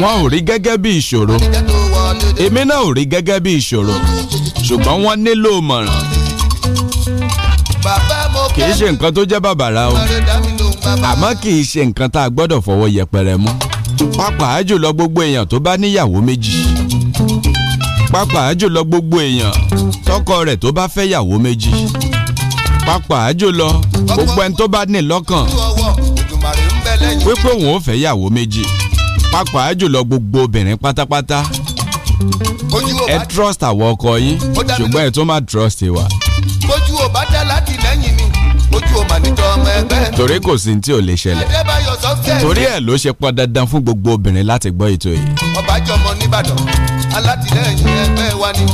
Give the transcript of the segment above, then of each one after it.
wọn ò rí gẹ́gẹ́ bí ìṣòro èmi náà ò rí gẹ́gẹ́ bí ìṣòro ṣùgbọ́n wọ́n nílò mọ̀ràn kì ṣe nǹkan tó jẹ́ bàbàrà o àmọ́ kì í ṣe nǹkan tá a gbọ́dọ̀ fọwọ́ yẹpẹrẹ mú pàápàá jùlọ gbogbo èèyàn tó bá níyàwó méjì pàápàá jùlọ gbogbo èèyàn tọkọ rẹ̀ tó bá fẹ́ yàwó méjì pàápàá jùlọ gbogbo ẹni tó bá ní lọ́kàn wípé òun ò fẹ́ yàwó méjì pàápàá jùlọ gbogbo obìnrin pátápátá ẹ trust àwọn ọkọ yín ṣùgbọ́n ẹ tún má trust wa. bójú ò bá dá láti lẹ́yìn ni bójú ò mà níjọ ọmọ ẹgbẹ́. torí kò sí tí ò lè ṣẹlẹ̀ torí ẹ̀ ló ṣe pọn dandan fún gbogbo obìnrin láti gbọ́ ètò yìí. ọbàjọmọ nìbàdàn alátìlẹyìn ẹgbẹ́ wa ni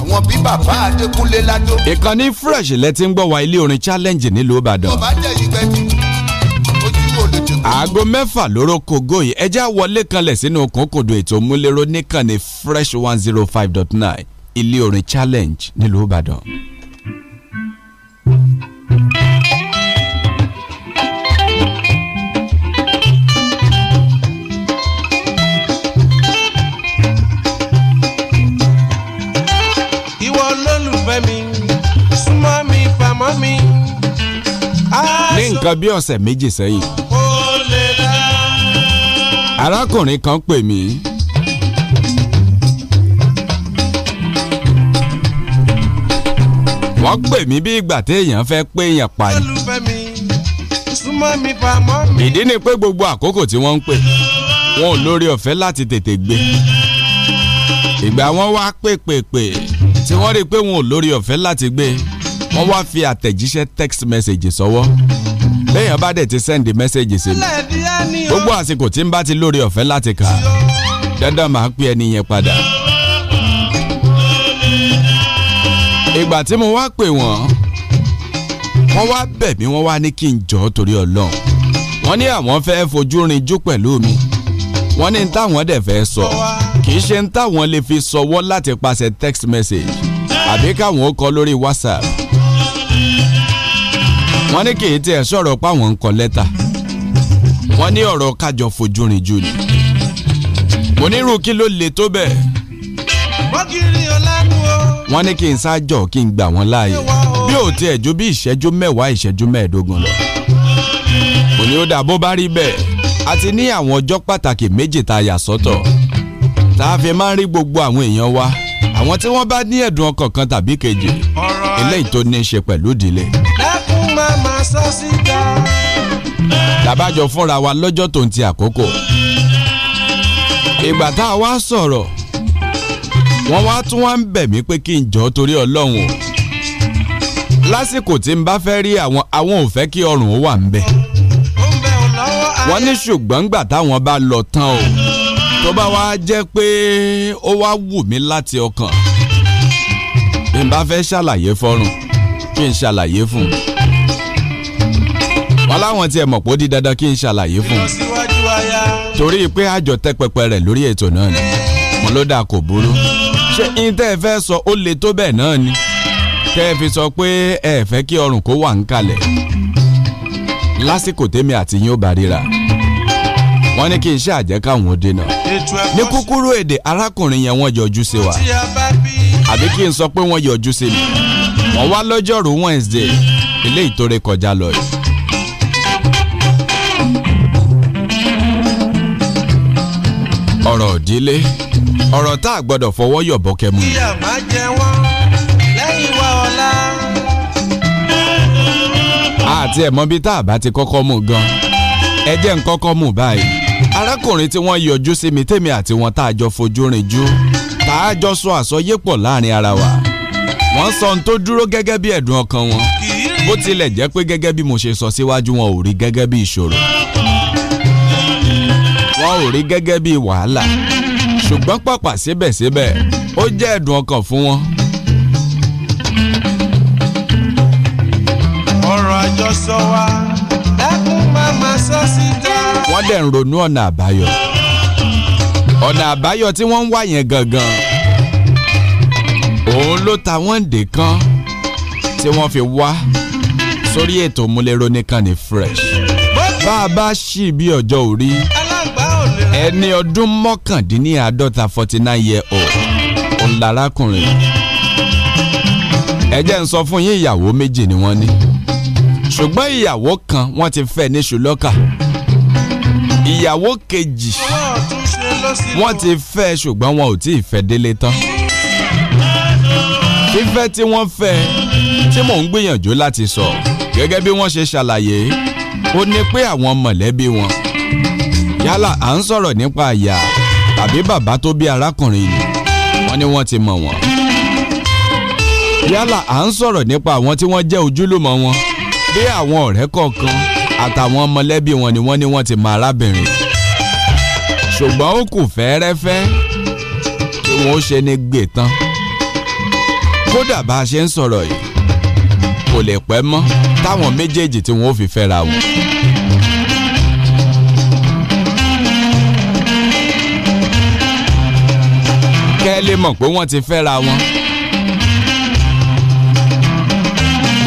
àwọn bí bàbá Adékúnlé lájọ. ìkànnì fresh lẹ ti ń gbọ́ wa ilé orin challenge nílùú Ìbàdàn. ọbàjẹ́ aago mẹ́fà lóró kogo yìí ẹjẹ́ àwọlé kanlẹ̀ sínú kòkòdò ètò múlẹ́rọ níkànnì fresh one zero five dot nine ilé orin challenge nílùú Ìbàdàn. ìwọ olólùfẹ́ mi súnmọ́ mi fàmọ́ mi. ní nǹkan bí ọ̀sẹ̀ méjì sẹ́yìn arákùnrin kan pè mí. wọ́n pè mí bí ìgbà téèyàn fẹ́ pé èèyàn pa ni. ìdí ni pé gbogbo àkókò tí wọ́n ń pè wọn ò lórí ọ̀fẹ́ láti tètè gbé. ìgbà wọn wá pèpèpè tí wọ́n rí i pé wọn ò lórí ọ̀fẹ́ láti gbé wọ́n wá fi àtẹ̀jíṣẹ́ text message sọ́wọ́. So béèyàn bá dẹ̀ ti sẹ́ndì mẹ́sẹ̀gì sí mi gbogbo àsìkò tí n bá ti lórí ọ̀fẹ́ láti kà dandan máa pé ẹni yẹn padà. ìgbà tí mo wá pè wọ́n wọ́n wá bẹ̀ mí wọ́n wá ní kí n jọ̀ọ́ torí ọlọ́run wọ́n ní àwọn fẹ́ fojú rinjú pẹ̀lú mi wọ́n ní n táwọn dẹ̀ fẹ́ sọ kì í ṣe n táwọn lè fi sọwọ́ láti pàṣẹ text message àbí káwọn ó kọ lórí WhatsApp wọ́n ní kì í tiẹ̀ sọ̀rọ̀ páwọn ń kọ lẹ́tà wọ́n ní ọ̀rọ̀ kájọ fojú rìn jù ni mo nírú kí ló le tó bẹ́ẹ̀ wọ́n ní kí n ṣáájọ kí n gbà wọ́n láàyè bí ò tiẹ̀ ju bí ìṣẹ́jú mẹ́wàá ìṣẹ́jú mẹ́ẹ̀ẹ́dógún lọ kò ní ó dà bó bá rí bẹ́ẹ̀ a ti ní àwọn ọjọ́ pàtàkì méjì tá yà sọ́tọ̀ tá a fi máa ń rí gbogbo àwọn èèyàn wa àwọn tí wọ́n bá ní ẹ̀dùn ọkàn kan tàbí kejì eléyìí tó ní í ṣe pẹ̀lú ìdílé má máa sọ síta. làbájọ fúnra wa lọ́jọ́ tó ń ti àkókò ìgbà tá a wá sọ̀rọ̀ wọ́n wá tún wá ń bẹ̀ mí pé kí n jọ torí ọlọ́run o lásìkò tí n bá fẹ́ rí àwọn àwọn ò fẹ́ kí ọrùn ó wà ń bẹ̀. wọ́n ní ṣùgbọ́n gbà táwọn bá lọ tán o tó bá wá jẹ́ pé ó wá wù mí láti ọkàn bí n bá fẹ́ ṣàlàyé fọ́rùn kí n ṣàlàyé fún un láwọn tiẹ̀ mọ̀ pé ó di dandan kí n ṣàlàyé fún un torí pé àjọ tẹ́ pẹpẹ rẹ̀ lórí ètò náà ni mo ló dà kò burú ṣé intẹ́ fẹ́ sọ ó le tó bẹ́ẹ̀ náà ni tẹ́ ẹ fi sọ pé ẹ fẹ́ kí ọrùn kó wà ń kalẹ̀ lásìkò tèmi àti yín ó bá ríra wọ́n ní kí n ṣàjẹ́ káwọn dènà ní kúkúrú èdè arákùnrin yẹn wọ́n yọjú sí wa àbí kí n sọ pé wọ́n yọjú sí mi wọ́n wá lọ́jọ́rú Wednesday ilé ìtòrè kọjá lọ yìí ọ̀rọ̀ òdílé ọ̀rọ̀ tá a gbọ́dọ̀ fọwọ́ yọ̀bọ kẹmu. ìyá máa jẹ wọ́n lẹ́yìn wa ọ̀la. àti ẹ̀mọ́ bíi tá a bá ti kọ́kọ́ mú gan ẹ jẹ́ ń kọ́kọ́ mú báyìí arákùnrin tí wọ́n yọjú sí mi tèmi àti wọn tá a jọ fojú rìn jú tá a jọ sọ àsọyé pọ̀ láàrin ara wa wọ́n sọ ohun tó dúró gẹ́gẹ́ bí ẹ̀dùn ọkàn wọn bó tilẹ̀ jẹ́ pé gẹ́gẹ́ bí mo ṣe sọ síwájú wọn ò rí gẹ́gẹ́ bí ìṣòro wọn ò rí gẹ́gẹ́ bí wàhálà ṣùgbọ́n pàpà síbẹ̀síbẹ̀ ó jẹ́ ẹ̀dùn ọkàn fún wọn. ọ̀rọ̀ àjọsọ wa ẹkún máa ma sọ ta wọ́n dẹ̀ ń ronú ọ̀nà àbáyọ ọ̀nà àbáyọ tí wọ́n ń wá yẹn gangan òun ló ta wọ́n dè kan tí wọ́n fi wá sórí ètò múlẹ́rọ́ nìkan ní fresh bá a bá ṣì bí ọjọ́ orí ẹni ọdún mọ́kàndínláàádọ́ta forty nine year old ọ̀làrákùnrin ẹ jẹ́ ń sọ fún yín ìyàwó méjì ni wọ́n ní ṣùgbọ́n ìyàwó kan wọ́n ti fẹ́ ní ṣùlọ́kà ìyàwó kejì wọ́n ti fẹ́ ṣùgbọ́n wọn ò tí ì fẹ́ délé tán fífẹ́ tí wọ́n fẹ́ tí mò ń gbìyànjú láti sọ gẹ́gẹ́ bí wọ́n ṣe ṣàlàyé ó ní pé àwọn mọ̀lẹ́bí wọn yálà à ń sọ̀rọ̀ nípa àyà tàbí bàbá tó bí arákùnrin ni wọ́n ní wọ́n ti mọ̀ wọ́n yálà à ń sọ̀rọ̀ nípa àwọn tí wọ́n jẹ́ ojúlùmọ̀ wọn bí àwọn ọ̀rẹ́ kọ̀ọ̀kan àtàwọn mọ̀lẹ́bí wọn ni wọ́n ní wọ́n ti mọ arábìnrin ṣùgbọ́n ó kù fẹ́ẹ́rẹ́fẹ́ tí wọ́n ṣe ní gbè tán kódà bá a ṣe ń sọ̀rọ̀ yìí kò lè pẹ́ mọ́ táwọn méjèèjì tí wọ́n fi fẹ́ra wọn. kẹ́ lè mọ̀ pé wọ́n ti fẹ́ra wọn.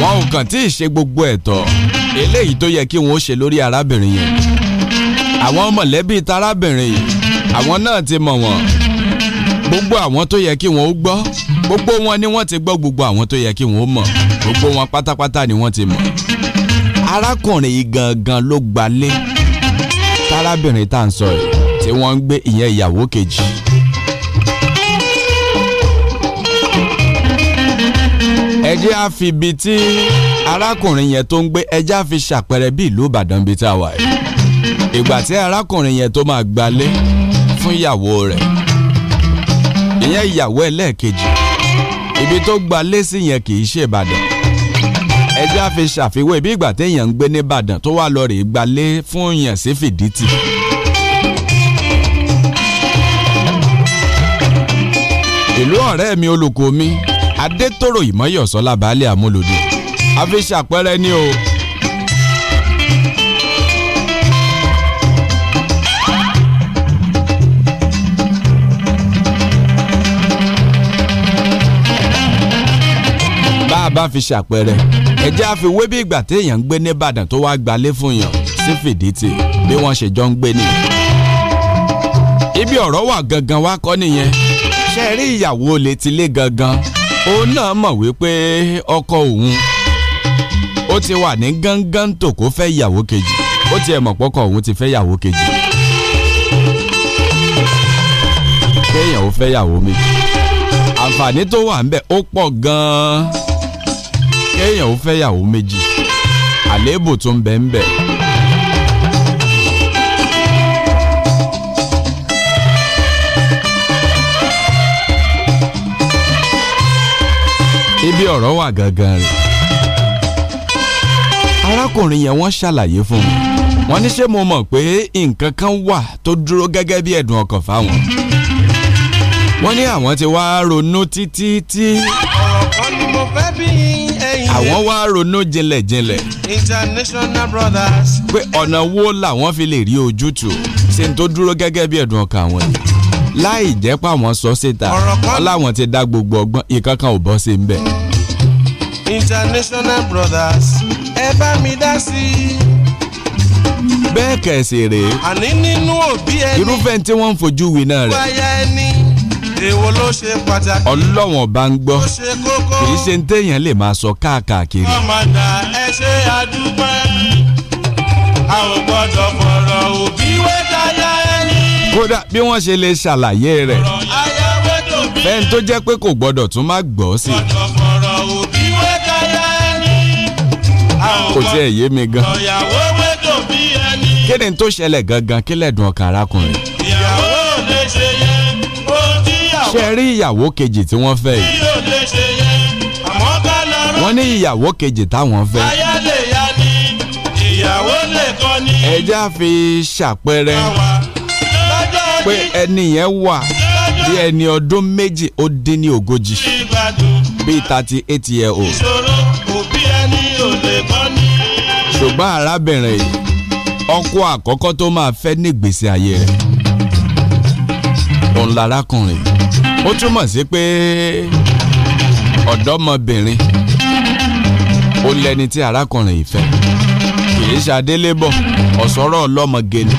wọn ò kàn tí ì ṣe gbogbo ẹ̀tọ́ eléyìí tó yẹ kí wọn ó ṣe lórí arábìnrin yẹn. àwọn mọ̀lẹ́bí tarábìnrin yìí àwọn náà ti mọ̀ wọ́n gbogbo àwọn tó yẹ kí wọn ó gbọ́ gbogbo wọn ni wọ́n ti gbọ́ gbogbo àwọn tó yẹ kí wọn ó mọ̀ gbogbo wọn pátápátá ni wọ́n ti mọ̀. arákùnrin yìí gangan ló gbalé tarábìnrin tá à ń sọ yìí tí wọ́n ń gbé ìyẹn ìyàwó kejì. ẹ jẹ́ fi ibi tí arákùnrin yẹn tó ń gbé ẹ jẹ́ fi ṣàpẹẹrẹ bí ìlú Ìbàdàn bíi tá a wà yìí ìgbà tí arákùnrin yẹn tó máa gbalé fún ìyàwó rẹ̀ ìyẹn ìyàwó ẹlẹ́ẹ̀kejì ibi tó gbalé sí yẹn kì í ṣe Ìbàdàn ẹ jẹ́ fi ṣàfiwé bí ìgbà téèyàn ń gbé ní tó wà lọ gbalé fún yẹn sí Fìdítì. ìlú ọ̀rẹ́ mi olùkọ́ mi adétòrò ìmọ̀yọ̀sọ́lá baálé àmúlòdì àfiṣàpẹrẹ ni o. bá a bá fi ṣàpẹrẹ ẹ̀jẹ̀ àfiwé bí ìgbà téèyàn ń gbé nìbàdàn tó wáá gbalé fún yàn sí fìdítì bí wọ́n ṣe jọ ń gbé ni. ibi ọ̀rọ̀ wà gangan wá kọ́ nìyẹn ṣe rí ìyàwó olè ti gangan òun náà mọ̀ wípé ọkọ òun ó ti wà ní gángan tó kó fẹ́ ìyàwó kejì ó tiẹ̀ mọ̀ pọ́kọ òun ti fẹ́ ìyàwó kejì kéèyàn ó fẹ́ ìyàwó méjì àǹfààní tó wà ń bẹ̀ ó pọ̀ gan-an kéèyàn ó fẹ́ ìyàwó méjì àléébù tó ń bẹ ń bẹ̀. ibi ọ̀rọ̀ wà gangan rẹ̀ arákùnrin yẹn wọ́n ṣàlàyé fún mi wọ́n ní ṣé mo mọ̀ pé nǹkan kan wà tó dúró gẹ́gẹ́ bí ẹ̀dùn ọkàn fáwọn wọ́n ní àwọn ti wá ronú títí tí àwọn wá ronú jinlẹ̀jinlẹ̀ pé ọ̀nà wo làwọn fi lè rí ojútùú ṣe ń tó dúró gẹ́gẹ́ bí ẹ̀dùn ọkàn àwọn yìí láì jẹ́ pàwọn sọ síta wọ́n ti dá gbogbo ọgbọ́n ìkankan ò bọ́ sí ń bẹ̀. international brothers ẹ bá mi dá sí i. bẹ́ẹ̀ kẹ̀sì rèé àní nínú òbí ẹni irúfẹ́ tí wọ́n ń fojú wí náà rẹ̀. wáyà ẹni èwo ló ṣe pàtàkì. ọlọ́wọ̀n bá ń gbọ́ kì í ṣe téèyàn lè máa sọ káàkiri. kọ́mọ̀dà ẹ ṣe àdúgbò a ò gbọ́dọ̀ fọ̀rọ̀ òbí wẹ́tayá ẹ kódà bí wọ́n ṣe lè ṣàlàyé rẹ̀ fẹ́ni tó jẹ́ pé kò gbọ́dọ̀ tún má gbọ́ sí i kò tiẹ̀ yé mi gan kí ni tó ṣẹlẹ̀ gangan kí lẹ́dùn ọkàn arákùnrin ṣe rí ìyàwó kejì tí wọ́n fẹ́ yìí wọ́n ní ìyàwó kejì táwọn fẹ́ ẹja fi ṣàpẹẹrẹ pé ẹni yẹn wà bí ẹni ọdún méjì ó dín ní ogójì bíi thirty eight year old. ìṣòro òbí ẹni ò lè bọ́ ní. ṣùgbọ́n arábìnrin yìí ọkọ àkọ́kọ́ tó máa fẹ́ ní ìgbésí ayé rẹ̀ òun larákùnrin ó túmọ̀ sí pé ọ̀dọ́mọbìnrin ó lẹni tí arákùnrin yìí fẹ́ kì í ṣe ọ̀sọ́rọ̀ ọlọ́mọge ni.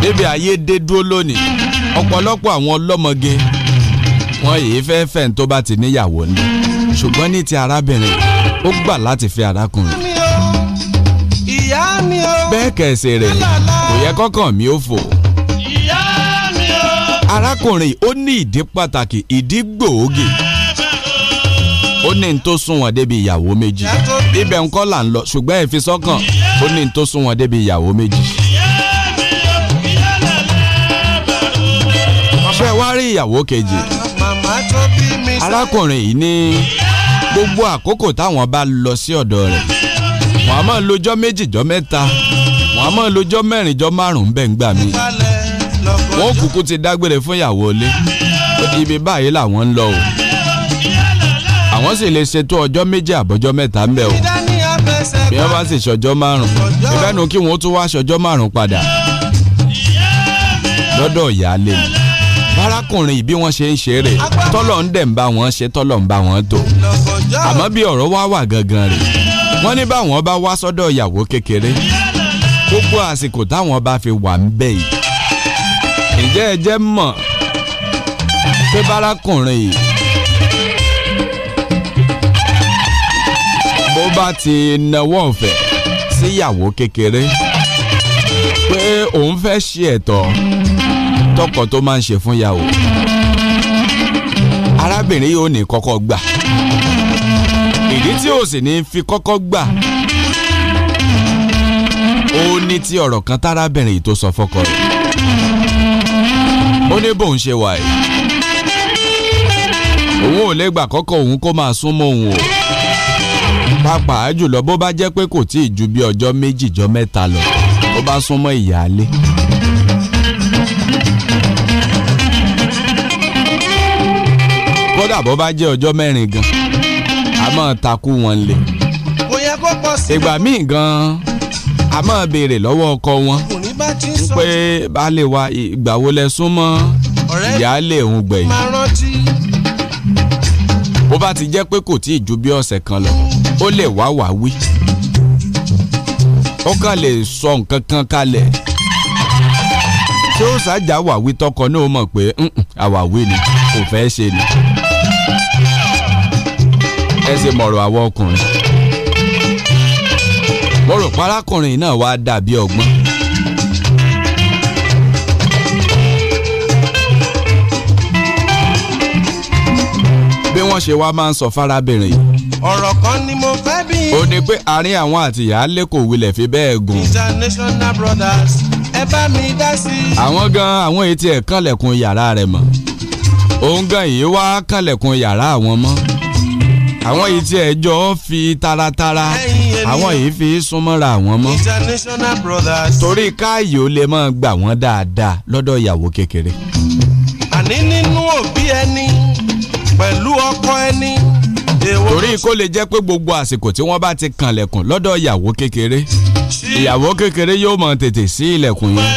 débi ayé dé dúró lónìí ọ̀pọ̀lọpọ̀ àwọn ọlọ́mọge wọn èyí fẹ́ fẹ́ tó bá ti níyàwó ni ṣùgbọ́n ní ti arábìnrin ó gbà láti fi arákùnrin. bẹ́ẹ̀ kẹ̀sì rẹ̀ kò yẹ kọ́kàn mi ó fò. arákùnrin ó ní ìdí pàtàkì ìdí gbòógì ó ní n tó sunwọ̀n débi ìyàwó méjì ibẹ̀ ń kọ́ là ń lọ ṣùgbọ́n ẹ fi sọ́kàn ó ní n tó sunwọ̀n débi ìyàwó méjì. ìyàwó kejì arákùnrin yìí ní gbogbo àkókò táwọn bá lọ sí ọ̀dọ̀ rẹ̀ wọ́n á máa lojọ́ méjì jọ́ mẹ́ta wọ́n á máa lojọ́ mẹ́rin jọ́ márùn-ún bẹ́ẹ̀ ń gbà mí wọ́n kúkú ti dágbére fún ìyàwó ilé ibi báyìí làwọn ń lọ o àwọn sì lè ṣètò ọjọ́ méjì àbọ̀jọ́ mẹ́ta ń bẹ̀ o bí wọ́n bá sì ṣọjọ́ márùn-ún ìbẹ́nu kí wọ́n tún wá ṣọjọ́ márùn-ún padà lọ́dọ̀ ìyáálé mi bárakùnrin bí wọ́n ṣe ń ṣe rè tọ́lọ̀ ń dẹ̀ ń bá wọn ṣe tọ́lọ̀ ń bá wọn tò àmọ́ bí ọ̀rọ̀ wá wà gangan rè wọ́n ní báwọn bá wá sọ́dọ̀ ìyàwó kékeré gbogbo àsìkò táwọn bá fi wà ń bẹ̀ yìí ǹjẹ́ ẹ jẹ́ mọ̀ pé bárakùnrin yìí bó bá ti nawọ́ ọ̀fẹ́ síyàwó kékeré pé òun fẹ́ ṣe ẹ̀tọ́ tọkọ tó máa ń ṣe fún yàwó arábìnrin yóò ní kọ́kọ́ gbà ìdí tí ó sì ní fi kọ́kọ́ gbà ó ní ti ọ̀rọ̀ kan tárábìnrin yìí tó sọ fọ́kọ rẹ̀ ó ní bóun ṣe wà yìí òun ò lè gbà kọ́kọ́ òun kó máa sún mọ́ òun o pàápàá jùlọ bó bá jẹ́ pé kò tí ì ju bí ọjọ́ méjì jọ mẹ́ta lọ bó bá sún mọ́ ìyáálé. kódà bó bá jẹ́ ọjọ́ mẹ́rin gan a máa takú wọn lè. ìgbà míì gan a máa béèrè lọ́wọ́ ọkọ wọn pé baálé wa ìgbà wo lẹ súnmọ́ ìyáálé òun gbẹ̀yìn. bó bá ti jẹ́ pé kò tí ì ju bí ọ̀sẹ̀ kan lọ ó lè wá wá wí ó kàn lè sọ nǹkan kan kalẹ̀ tí ó ṣàjà wàwí tọkọ náà mọ̀ pé àwàwí ni kò fẹ́ ṣe ni ẹ ṣe mọ̀rọ̀ àwọn ọkùnrin mo rò pé náà wá dàbí ọgbọ́n. bí wọ́n ṣe wá máa ń sọ fárábìnrin yìí. ọ̀rọ̀ kan ni mo fẹ́ bí. ó ní pé àárín àwọn àti ìyáálé kò wulẹ̀ fi bẹ́ẹ̀ gùn. international brothers ẹ bá mi dá sí i. àwọn gan àwọn etí ẹ̀ kànlẹ̀kùn yàrá rẹ̀ mọ́ òun gan yìí wá kànlẹ̀kùn yàrá àwọn mọ́ àwọn yìí tí ẹjọ́ fi taratara àwọn yìí fi súnmọ́ra àwọn mọ́ torí káàyè ó lè máa gbà wọ́n dáadáa lọ́dọ̀ ìyàwó kékeré. àní nínú òbí ẹni pẹ̀lú ọkọ ẹni. torí kó lè jẹ́ pé gbogbo àsìkò tí wọ́n bá ti kànlẹ̀kùn lọ́dọ̀ ìyàwó kékeré ìyàwó kékeré yóò mọ̀ tètè sí ilẹ̀kùn yẹn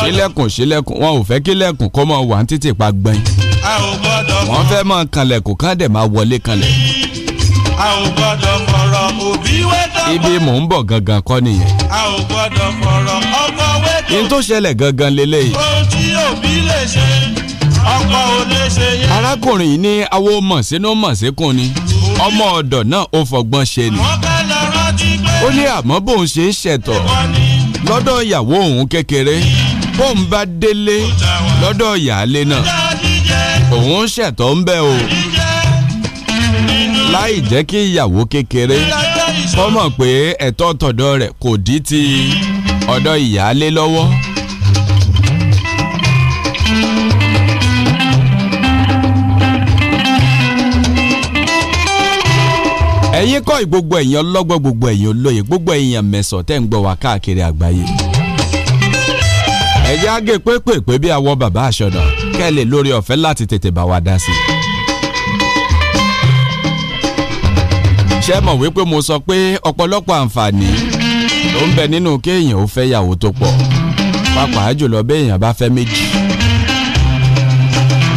sílẹ̀kùn sílẹ̀kùn wọn ò fẹ́ kílẹ̀kùn kó mọ̀ wà ń títì pa gbẹ̀yìn a ò gbọ́dọ̀ fọ́. wọ́n fẹ́ máa kanlẹ̀ kó ká dẹ̀ máa wọlé kanlẹ̀. ibi mò ń bọ̀ gangan kọ́ nìyẹn. a ò gbọ́dọ̀ fọ̀rọ̀ ọmọ wẹ́dọ̀. ní tó ṣẹlẹ̀ gangan leléyìí. ohun arákùnrin yìí ní awo mọ̀sínú mọ̀sínkùn ni ọmọ ọ̀dọ̀ náà ó fọgbọ́n ṣe ni. ó ní àmọ́ bóun ṣe ń ṣẹ̀tọ̀ lọ́dọ̀ ìyàwó òun kékeré bóun bá délé lọ́dọ̀ ìyáálé náà òun ṣètò ń bẹ o láì jẹ́ kí ìyàwó kékeré kọ́ mọ̀ pé ẹ̀tọ́ tọ̀dọ̀ rẹ̀ kò dí ti ọ̀dọ̀ ìyáálé lọ́wọ́. ẹ̀yin kọ́ gbogbo ẹ̀yin ọlọ́gbọ́n gbogbo ẹ̀yin olóye gbogbo ẹ̀yin mẹ̀sọ̀ tẹ́ ń gbọ́ wá káàkiri àgbáyé. ẹ̀yà agé pépè pé bí awọ bàbá àṣọdọ̀ kẹ́lẹ̀ lórí ọ̀fẹ́ láti tètè bá wa dá sí i. ṣé mọ̀ wípé mo sọ pé ọ̀pọ̀lọpọ̀ àǹfààní ló ń bẹ nínú kéèyàn ó fẹ́ yàwó tó pọ̀ pàápàá jùlọ béèyàn bá fẹ́ méjì.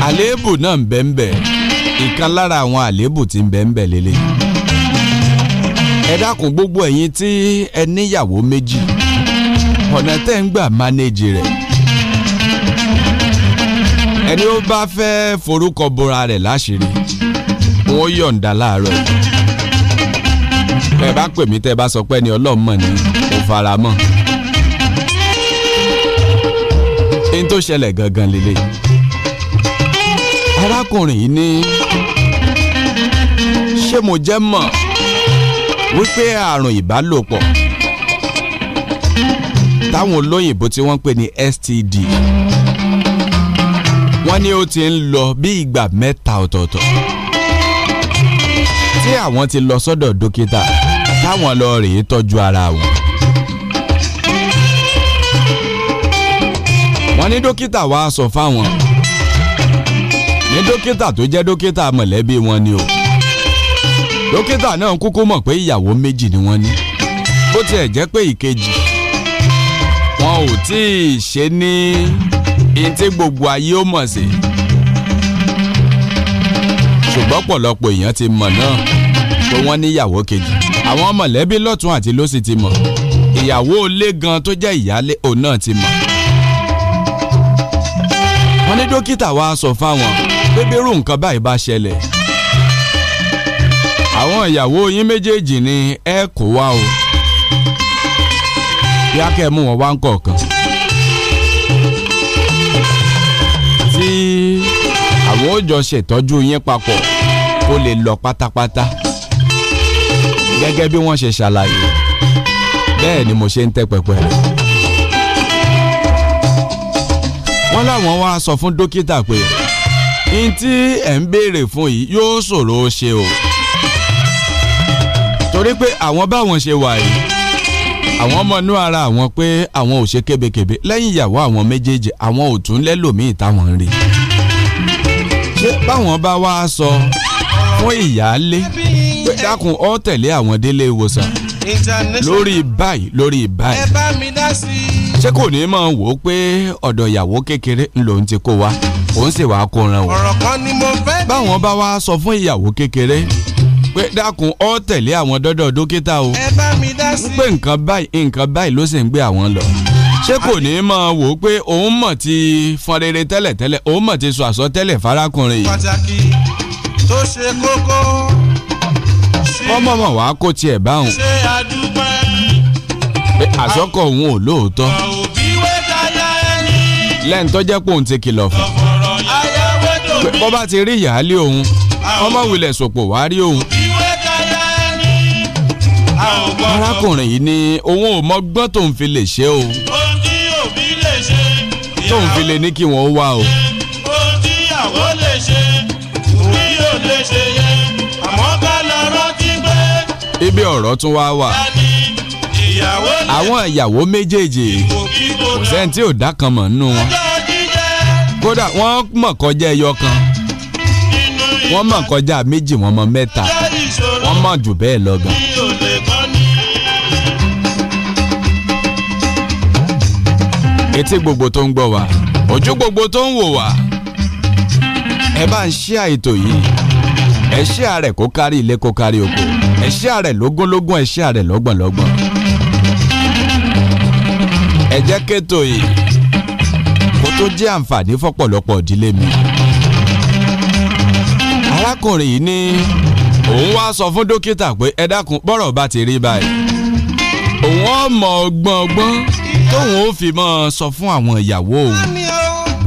àléébù náà ń bẹ ń bẹ ìkan lára àwọn àléébù tí ń bẹ ń bẹ lélẹ̀. ẹ dákun gbogbo ẹ̀yin tí ẹ níyàwó méjì ọ̀nà tẹ́ ń gbà mánéjì rẹ̀ ẹni ó bá fẹ́ forúkọ bora rẹ̀ láṣìírí wọn yọ̀ǹda láàárọ̀ ẹ bá pè mí tẹ́ ẹ bá sọ pé ẹni ọlọ́mọ ni mo fara mọ́ n tó ṣẹlẹ̀ gangan lélẹ̀ arákùnrin yìí ní ṣé mo jẹ́ mọ̀ wípé àrùn ìbálòpọ̀ táwọn olóyìnbó tí wọ́n pè ní STD wọ́n ní ó ti ń lọ bí ìgbà mẹ́ta ọ̀tọ̀ọ̀tọ̀ tí àwọn ti lọ sọ́dọ̀ dókítà táwọn lọ rèé tọ́jú ara wọn. wọ́n ní dókítà wá sọ fáwọn ní dókítà tó jẹ́ dókítà mọ̀lẹ́bí wọn ni o dókítà náà kúkú mọ̀ pé ìyàwó méjì ni wọ́n ní bó tiẹ̀ jẹ́ pé ìkejì wọn ò tí ì ṣe ní. Ni èyí tí gbogbo ayé ó mọ̀ sí ṣùgbọ́n pọ̀lọpọ̀ èèyàn ti mọ̀ náà pé wọ́n níyàwó kejì àwọn mọ̀lẹ́bí lọ́tún àti lọ́sì ti mọ̀ ìyàwó ilé gan tó jẹ́ ìyálé òun náà ti mọ̀ wọ́n ní dókítà wa sọ fáwọn pé bírú nǹkan báyìí bá ṣẹlẹ̀ àwọn ìyàwó yín méjèèjì ni ẹ kó wá o bí akẹ́ mú wọn wá ń kọ̀ọ̀kan. wọn ó jọ ṣètọ́jú yín papọ̀ kó lè lọ pátápátá gẹ́gẹ́ bí wọ́n ṣe ṣàlàyé bẹ́ẹ̀ ni mo ṣe ń tẹ́ pẹpẹ rẹ̀. wọ́n láwọn wá sọ fún dókítà pé n tí ẹ̀ ń béèrè fún yìí yóò ṣòro ṣe o torí pé àwọn báwọn ṣe wà yìí àwọn ọmọ inú ara àwọn pé àwọn ò ṣe kébékébé lẹ́yìn ìyàwó àwọn méjèèjì àwọn ò tún lẹ́lòmíì táwọn ń rí i báwọn bá wá sọ fún ìyáálé pé dákun ọ tẹ̀lé àwọn délé ìwòsàn lórí báyìí lórí báyìí ṣé kò ní mọ̀ wò ó pé ọ̀dọ̀ ìyàwó kékeré ńlòun ti kó wa òun sì wàá kó ran o. ọ̀rọ̀ kan ni mo fẹ́. báwọn bá wá sọ fún ìyàwó kékeré pé dákun ọ tẹ̀lé àwọn dọ́dọ̀ dókítà o. ń pé nǹkan báyìí nǹkan báyìí ló sì ń gbé àwọn lọ ṣé kò ní máa wò ó pé òun mọ̀ ti fọn rere tẹ́lẹ̀ tẹ́lẹ̀ òun mọ̀ ti sọ àsọtẹ́lẹ̀ farakùnrin yìí. pàtàkì tó ṣe kókó. kọ́mọ̀mọ̀ wàá kó tiẹ̀ báwọn. ṣé àdúgbò pé àsọkọ̀ òun ò lóòótọ́ lẹ́yìn tó jẹ́ pé òun ti kìlọ̀ fún pé bó bá ti rí ìyáálé òun ọmọ wulẹ̀ sòpò wá rí òun. arákùnrin yìí ni òun ò mọ gbọ́n tóun fi lè ṣe o tóun fi lè ní kí wọ́n wá o. ohun tí àwo lè ṣe òbí ò lè ṣe yẹ àmọ́ ká lọ rántí pé. ibi ọ̀rọ̀ tún wá wà. àwọn ìyàwó méjèèjì kò sẹ́ni tí ò dá kan mọ̀ nínú wọn. kódà wọ́n mọ̀ kọjá ẹyọ kan wọ́n mọ̀ kọjá méjì wọ́n mọ̀ mẹ́ta wọ́n mọ̀ jù bẹ́ẹ̀ lọ gan etí gbogbo tó ń gbọ́ wa ojú gbogbo tó ń wò wá ẹ bá ń share ètò yìí ẹ share rẹ̀ kó kárí ilé kó kárí oko ẹ share rẹ̀ lógúnlógún ẹ share rẹ̀ lọ́gbọ̀nlọ́gbọ̀n ẹ jẹ́ kétò yìí kó tó jẹ́ àǹfààní fọ́pọ̀lọpọ̀ ìdílé mi arákùnrin yìí ní òun wá sọ fún dókítà pé ẹ dákun bọ́rọ̀ bá ti rí báyìí òun ọmọ ọgbọ́n ọgbọ́n tóun ó fi máa sọ fún àwọn ìyàwó òun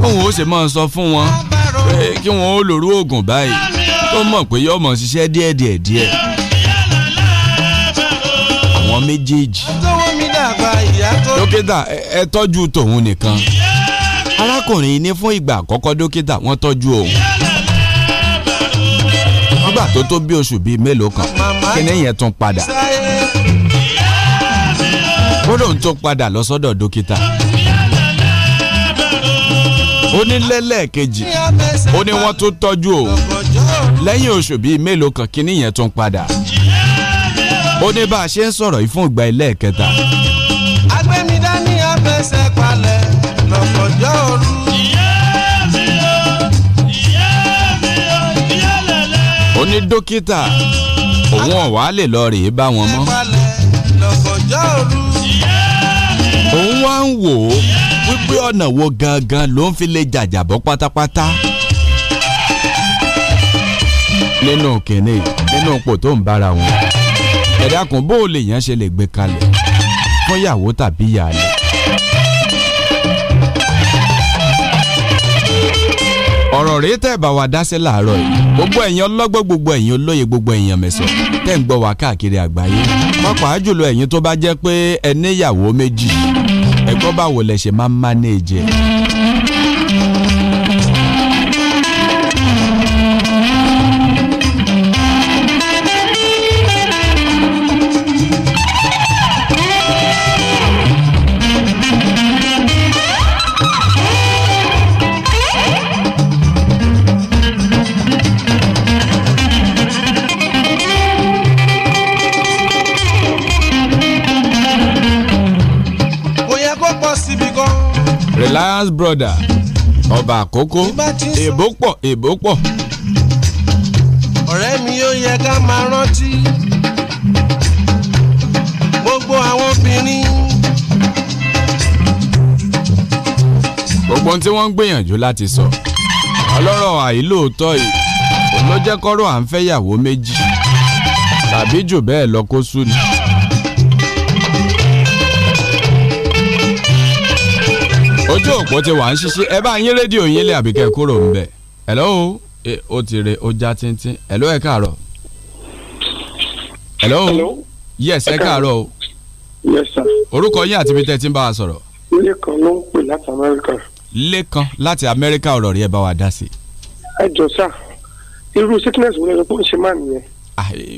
tóun ó sì máa sọ fún wọn pé kí wọn ó lòrú oògùn báyìí tó mọ̀ pé yóò mọ̀ ṣiṣẹ́ díẹ̀díẹ̀ díẹ̀ àwọn méjèèjì dókítà ẹ tọ́jú tòun nìkan arákùnrin ní fún ìgbà àkọ́kọ́ dókítà wọ́n tọ́jú òun nígbà tó tó bí oṣù bíi mélòó kan kíní yẹn tún padà ó lóun tó padà lọ sọ́dọ̀ dókítà ó ní lẹ́lẹ́ẹ̀kejì ó ní wọ́n tún tọ́jú òun lẹ́yìn oṣù bíi mélòó kan kínní yẹn tún padà ó ní bá a ṣe ń sọ̀rọ̀ yìí fún ìgbà ẹlẹ́ẹ̀kẹta. agbẹ́mídá ní abẹ́sẹ̀ palẹ̀ lọ́kọ̀jọ́ òru. ó ní dókítà òun ọ̀wá lè lọ rèé bá wọn mọ́. lọ́kọ̀jọ́ òru ń wò ó wípé ọ̀nà wo gangan ló ń fi lè jàjàbọ́ pátápátá nínú kìnìún nínú ipò tó ń bára wọn ẹ̀dá kan bó o lè yàn ṣe lè gbé kalẹ̀ fún ìyàwó tàbí ìyàlẹ̀. ọ̀rọ̀ rèé tẹ́ bá wa dá sí làárọ̀ yìí gbogbo ẹ̀yin ọlọ́gbọ́n gbogbo ẹ̀yin olóye gbogbo ẹ̀yin mẹ̀sọ̀ tẹ́ ń gbọ́ wá káàkiri àgbáyé pàápàá jùlọ ẹ̀yin tó bá jẹ́ pé ẹ níyàwó méjì ẹ̀gbọ́n báwo lẹ ṣe máa ń manage Brother, ọba àkókò èbó pọ̀ èbó pọ̀. ọ̀rẹ́ mi yóò yẹ ká máa rántí gbogbo àwọn obìnrin. gbogbo ohun tí wọ́n ń gbìyànjú láti sọ ọlọ́rọ̀ àìlóòótọ́ yìí ló jẹ́ kọ́rọ̀ à ń fẹ́ yàwó méjì tàbí jù bẹ́ẹ̀ lọ kó sú ni. ojú òpó ti wà ń ṣiṣẹ́ ẹ bá yín rédíò yín lé àbíkẹ́ kúrò ń bẹ̀ hello ó ti re ó já tíntín hello ẹ káàárọ̀ hello yes ẹ káàárọ̀ o yes sir orúkọ yín àti ibi tẹ́ ti ń bá wa sọ̀rọ̀. lẹ́kan ló ń pè láti amẹ́ríkà. lẹ́kan láti amẹ́ríkà ọ̀rọ̀ rí ẹ bá wa dá sí. ẹ jọ sá irú sickness wo lẹ́nu tó ń ṣe máa nìyẹn.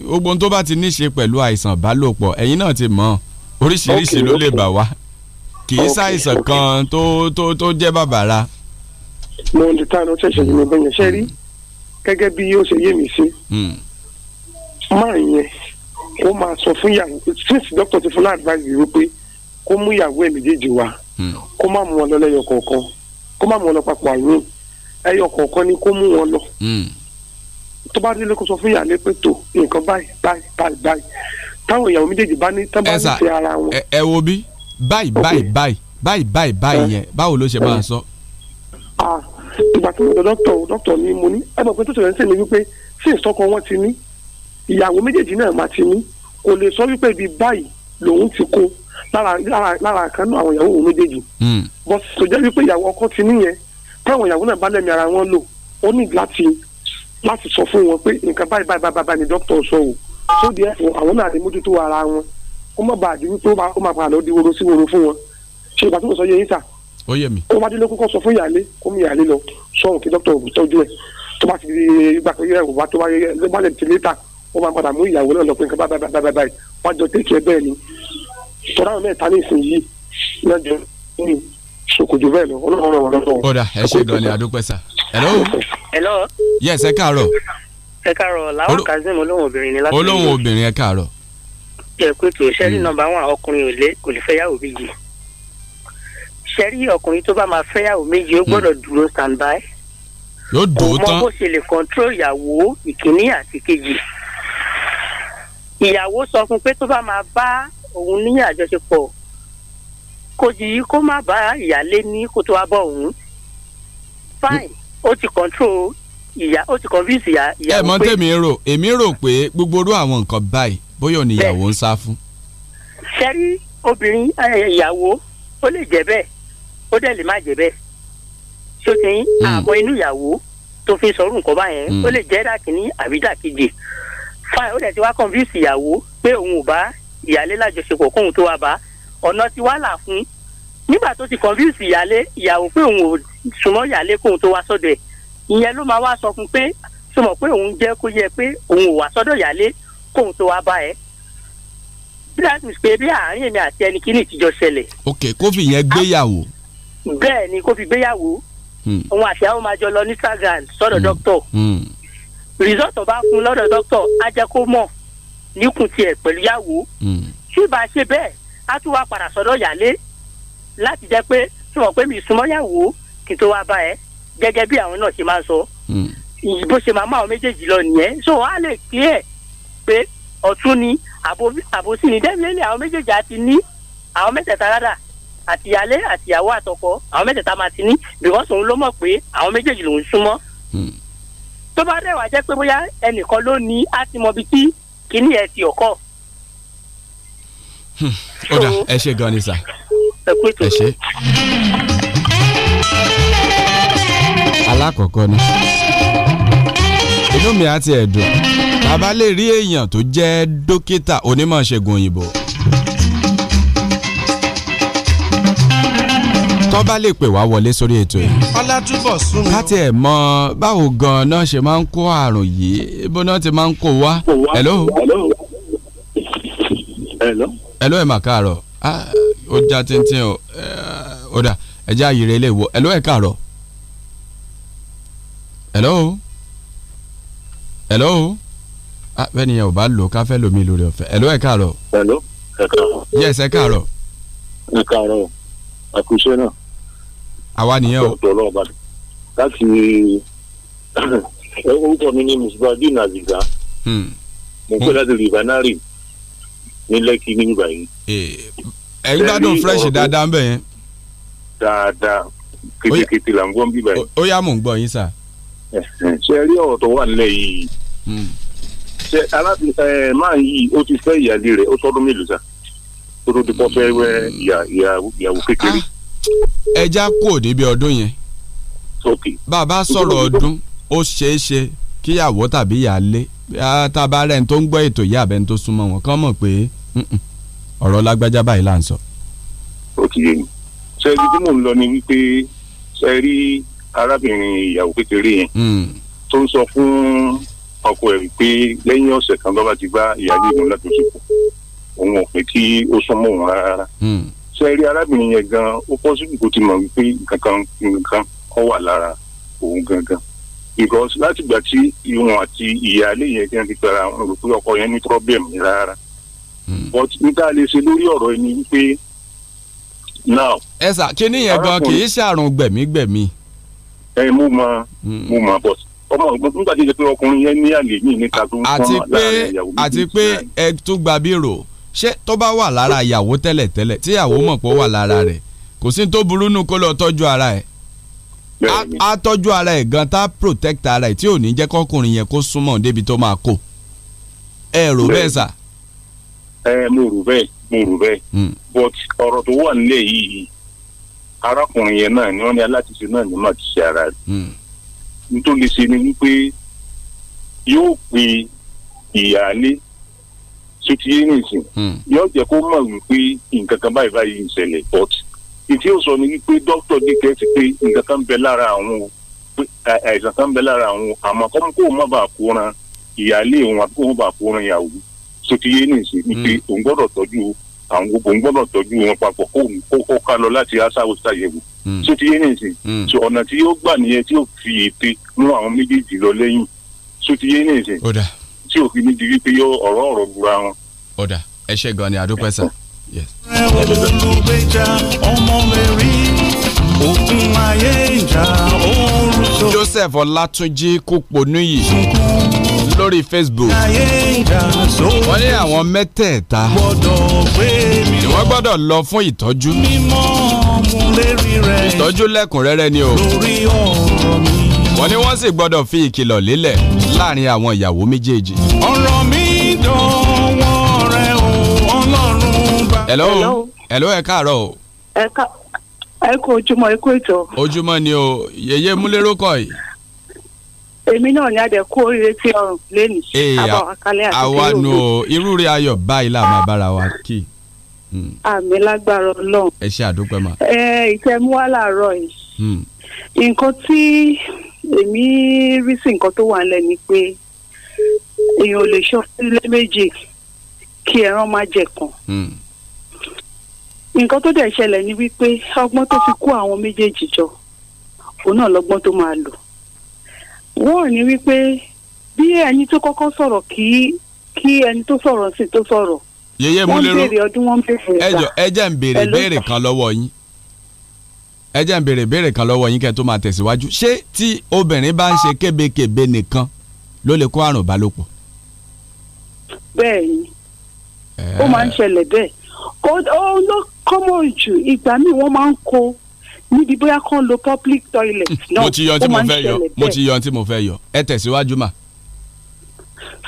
gbogbo tó bá ti ní í ṣe pẹ̀lú àìsàn bálòpọ̀ ẹ̀yin náà ti mọ̀ oríṣiríṣi ló lè bà wá kì í ṣàìsàn kan tó tó tó jẹ́ bàbàrà. mo ń tán ọ ṣẹ̀ṣẹ̀ yìí mo bẹ yẹn ṣe rí hmm. gẹ́gẹ́ bí yóò ṣe yé mi sí. Hmm. máa yẹn kó máa sọ fún yàwó since doctor ti fún advice yìí wípé kó mú ìyàwó ẹ̀ méjèèjì wá hmm. kó má mú wọn lọ lẹ́yọ kọ̀ọ̀kan kó má mú wọn lọ papọ̀ àrùn ẹyọ kọ̀ọ̀kan ni kó mú wọn lọ tó bá délé kó sọ fún ìyàlẹ́ pé tó nǹkan báyìí báyìí báyìí báyìí táwọn ìyàwó méjèèjì bá ní tán bá ní ti ara wọn. ẹ wo bí báyìí báyìí báyìí báyìí báyìí báyìí yẹn báwo ló ṣe máa sọ. Ah, ìgbà tí mo lọ dọ́tọ̀ dọ́tọ̀ ni mo ní ẹ mọ̀ pé tó tẹ̀lé ń sè mí wípé sí ìsọkọ wọn ti ní ìyàwó méjèèjì náà máa ti ní kò lè sọ wípé ibi báyìí lòun ti kó lára lára lára kan náà àwọn ìyàwó òun méjèèjì. Hmm. bó tó jẹ́ wípé ìyàwó ọkọ ti níyẹn táwọn ìyàwó náà bá lẹ́mi ara wọn lò ó ní láti láti sọ fún wọn pé nǹkan báyìí báyìí báyìí ni dókítà sọ o tó ẹ̀fọ́ àwọn náà lè mójútó ara wọn kó mọ̀ bàdí wípé ó máa padà lọ di woro sí woro fún wọn ṣe ìgbà tí mo sọ yẹ yín sà. ó yẹ mi. ó wá délé kókó sọ fún ìyáálé kó mi ìyáálé lọ sọ̀rọ̀ kí dókítà òògùn tọ́jú ẹ̀ tó bá ti di ìgbà pé yẹ wà tó wá yẹ ló bá lè ti létà ó máa padà mú ìyàwó náà lọ pé nǹkan bá bá bá bá wá jọ tẹ́kì ẹ bẹ́ẹ̀ ni tọ́lá mẹ́ta ní ìsìn yìí lọ́jọ́ ní sokojú bẹ́ẹ̀ lọ ọlọ́run ọ̀rọ̀ lọ́wọ́. hello. hello. yes ẹ káàárọ̀. ẹ káàárọ̀ làwọn kazeem olóhùn obìnrin ni láti. olóhùn obìnrin jẹ́ pé kò sẹ́rí hmm. nọ́mbà wọn ọkùnrin ò lé kò lè fẹ́yàwó méjì sẹ́rí ọkùnrin tó bá máa fẹ́yàwó méjì ó hmm. gbọ́dọ̀ dúró stand by yóò dò ó tán kò mọ bó ṣe lè control ìyàwó ìkíní àti kejì ìyàwó sọ fún pé tó bá máa bá òun ní àjọṣepọ̀ kò jì í kó má bá ìyálé ní kó tó wá bọ̀ òun fine ó ti control ìyá ó ti convince ìyá. ẹ mọ tèmi rò èmi rò pé gbogbo orú àwọn nǹkan báyìí bóyá ò ní ìyàwó ń sá fún. sẹ́rí obìnrin ìyàwó ó lè jẹ́ bẹ́ẹ̀ ó dẹ̀ lè má jẹ́ bẹ́ẹ̀ ṣó ti ń hmm. àmọ́ inú ìyàwó tó fi sọ̀rọ̀ nǹkan báyẹn hmm. ó lè jẹ́ dàkíní àbí dàkejì fáìn ó dẹ̀ ti wá kọ́ńfíìsì ìyàwó pé òun ò bá ìyálé lájọṣepọ̀ kóun tó wá bá ọ̀nà ti wá là fún nígbà tó ti kọ́ńfíìsì ìyálé ìyàwó pé òun ò súnmọ́ ìyálé kóun tó wá sọ́dọ̀ ẹ̀ ìyẹn ló máa wá sọ fún pé sọ pé òun jẹ́ kó yẹ pé òun ò wá sọ́dọ̀ ìyálé kóun tó wá bá ẹ that means pé bí àárín èmi àti ẹni kí ni ìtìjọ ṣẹlẹ̀. ok kófì yẹn gbéyàwó. bẹ́ẹ̀ ni kófì gbéyàwó. Hmm. òun àti àwọn máa jọ lọ ní Instagram sọ́dọ̀ hmm. dókítọ̀. Hmm. result ọba fún lọ́dọ̀ dókítọ̀ á jẹ́ kó mọ̀ níkùn tiẹ̀ pẹ̀lú yàwó. tí ìbá ṣe bẹ́ẹ̀ á tún wá padà sọ́dọ̀ yálé láti jẹ́ pé tí wọ́n pè mí súnmọ́ yàwó kí n tó wá bá ẹ gẹ́gẹ́ bí àwọn náà ṣe máa sọ. bó ṣe máa máa méjèèjì lọ nìyẹn so wàá lè kí ẹ̀ pé ọ̀tún ni àbòsí ni dẹ́mílẹ́lì àwọn méjèèjì àti ní àwọn mẹ́tẹ̀ẹ̀ta rárá àtìyálé àtìyàwó àtọkọ àwọn mẹ́tẹ̀ẹ̀ta máa ti ní bìkọ́sì òun ló mọ̀ pé àwọn méjèèjì lòún súnmọ́. Hmm. tó bá rẹwà jẹ́ pé bóyá ẹnìkan ló ní á ti mọ ibi tí kíní ẹ̀ ti ọkọ̀. Hmm. ó dà ẹ ṣe gan ni sà ẹ ṣe. alákọ̀ọ́kọ́ ni inú mi á ti ẹ̀dùn bàbá lè rí èèyàn tó jẹ́ dókítà onímọ̀ ṣègùn òyìnbó. tó lè pè wá wọlé sórí ètò yìí. ọlátúbọ̀ sún mi. káti ẹ̀ mọ báwo gan-an ṣe máa ń kó àrùn yìí bó náà ti máa ń kó wá. hello. hello. ẹ̀ mà káàárọ̀ ah, ó já tíntín o eh, ó dà ẹ̀ já ilé ìwọ hello ẹ̀ káàárọ̀. hello. hello? hello ah, bẹ́ẹ̀ni yẹn ò bá lò káfẹ́ lomi lórí ọ̀fẹ́ hello ẹ̀ káàárọ̀. hello ẹ̀ káàárọ̀. yes ẹ̀ káàárọ̀. ẹ̀ káàárọ̀ àkùṣe náà. àwa nìyẹn o. ọ̀dọ̀ ọlọ́ọ̀bá láti orúkọ mi ni musbadin aziza hmm. mo pẹ́ láti rivanari ní lẹ́kì ní ìbàyí. Eh, ẹ̀ ń gbádùn fresh dáadáa ń bẹ̀ yẹn. dáadáa kétékété là ń gbọ́ ń bíbà yìí. ó yá mò ń gbọ́ yín sà. ṣe rí ọ̀rọ̀ tó wà nílẹ̀ yìí Hmm. ṣe alábìnrin máa ń yí o ti fẹ́ ìyáálé rẹ̀ o sọ́dún mélòó sá tó tó ti kọ́ fẹ́ wẹ́ ìyàwó kékeré. ẹja kú òde bí ọdún yẹn bàbá sọ̀rọ̀ ọdún ó ṣeé ṣe kíyàwó tàbí ìyáálé tábàárẹ̀ ń tó ń gbọ́ ètò ìyá abẹ́ni tó súnmọ́ wọn kàn mọ̀ pé ọ̀rọ̀ lágbájá báyìí là ń sọ. ó ti yé mi ṣe ibi tí mò ń lọ ni wípé ṣe rí arábìnrin ìyàwó kékeré yẹn hmm. tó ń sọ fún ọkọ ẹ̀ pé lẹ́yìn ọ̀sẹ̀ kan lọ́ba ti gbá ìyáálé ìlú lẹ́tọ̀ọ́sọ̀kọ̀ òun ò fẹ́ kí ó súnmọ́ òun rárá hmm. ṣe rí arábìnrin yẹn gan ó pọ́sibú kó ti mọ̀ wípé nǹkan nǹkan kọ́ wà lára òun gangan because láti gbà tí ìwọ̀n àti ìyáálé yẹn kí wọ́n ti pẹ̀lú àwọn olùkú ọkọ yẹn ní problem rárá hmm. but níta lè ṣe lórí ọ̀rọ̀ ẹni wípé now. ẹ sà kí ni yẹn gan kì í ṣàrùn gbẹ̀mígbẹ̀mí. ẹ mú mọ hmm. mú mọ bọ́sì ọmọ nígbà tí ó ṣe pé ọkùnrin yẹn ní àlè yìí níta tó ń tán láàrin ìyàwó méjì. àti pé ẹ tún gba bírò ṣé tó bá wà lára ìyàwó tẹ́lẹ̀tẹ́lẹ̀ tí ìyàwó mọ̀ pé ó wà lára rẹ̀ kò sí tó burú nù kó lọ tọ́jú ara ẹ̀ á tọ́jú ara ẹ̀ gan tá protect ara ẹ̀ tí ò ní jẹ́ kọ́kùnrin yẹn kó súnmọ́ débi tó máa kó ẹ rò bẹ́ẹ̀ sà. ẹ mo rò bẹ́ẹ̀ mo rò bẹ́ẹ̀ hmm. but ọ̀rọ̀ tó wà nílẹ̀ yìí arákùnrin yẹn náà ni wọ́n ní aláṣiṣẹ́ náà ní màá ti ṣe ara rẹ̀ hmm tó lè ṣe ni wípé yóò pe ìyáálé tó ti yé nìsín hmm. yóò jẹ́ kó mọ̀ wípé nǹkan kan báyìí báyìí ń ṣẹlẹ̀ but ìtí ó sọ ni wípé dókítà dìkẹ́ ti pé nǹkan kan bẹ lára àwọn àìsàn kan bẹ lára àwọn àmọ́ kọ́mú kó má bàa kóran ìyáálé òun àbí kó má bàa kóran ìyàwó tó ti yé nìsín ni pé hmm. òun gbọ́dọ̀ tọ́jú o àwọn gbogbo ń gbọ́dọ̀ tọ́jú wọn papọ̀ kó ká lọ láti aṣáwó ṣàyẹ̀wò hmm. ṣé ti yé nìsín hmm. so ọ̀nà tí yóò gbà nìyẹn tí yóò fi ète mú àwọn méjèèjì lọ lẹ́yìn ṣé ti yé nìsín tí òfin ní di wípé yóò ọ̀rọ̀ ọ̀rọ̀ gbura wọn. ọ̀dà ẹ ṣe gan ni àdópẹ́ sàn. Joseph Ọlátúnjí Kúpọ̀núyì lórí Facebook wọ́n ní àwọn mẹ́tẹ̀ẹ̀ta ni wọ́n gbọ́dọ̀ lọ fún ìtọ́jú ìtọ́jú lẹ́kùnrẹ́rẹ́ ni o wọ́n ní wọ́n sì gbọ́dọ̀ fi ìkìlọ̀ lélẹ̀ láàrin àwọn ìyàwó méjèèjì. ọ̀rọ̀ mi dánwọ́ rẹ o ọlọ́run bá. hello hello ẹ káàárọ̀ o. ẹ ká ẹ kú ojúmọ́ ẹ ni o yèyé múlẹ́rọ́kọ̀ yìí èmi náà ni adẹ kó oríire tí ọrùn lẹ́nu àbọ̀ àkàlẹ́ àti kéré òdo. àwa nù irúre ayọ̀ báyìí la máa bára wa kí. Hmm. àmì lágbára Ọlọ́run. ẹ ṣe àdúpẹ́ mà. ẹ ìtẹ̀mú wa làárọ̀ yìí. Hmm. nǹkan tí èmi rí sí nǹkan tó wà ń lẹ̀ ni pé èèyàn ò lè ṣọ́ sílé méjì kí ẹran má jẹ hmm. nǹkan tó dẹ̀ ṣẹlẹ̀ ni wípé ọgbọ́n tó fi kó àwọn méjèèjì jọ òun náà lọ́gbọ́n tó máa lò wọ́n ní wípé bí ẹni tó kọ́kọ́ sọ̀rọ̀ kí kí ẹni tó sọ̀rọ̀ sí tó sọ̀rọ̀ yẹyẹ mo lérò ẹjọ ẹjẹ ń béèrè béèrè kan lọ́wọ́ yín ẹjẹ ń béèrè béèrè kan lọ́wọ́ yín kẹ́ tó máa tẹ̀síwájú ṣé tí obìnrin bá ń ṣe kébékèbé nìkan ló lè kó àrùn ìbálòpọ̀. bẹ́ẹ̀ni ó máa ń ṣẹlẹ̀ bẹ́ẹ̀ ó ló kọ́mọ̀ jù ìgbà míì wọ́n máa ń kó níbi bóyá kàn lo public toilet náà ó máa ń ṣẹlẹ̀ bẹ́ẹ̀. mo ti yọ ohun tí mo fẹ́ yọ ẹ tẹ̀síwájú mà.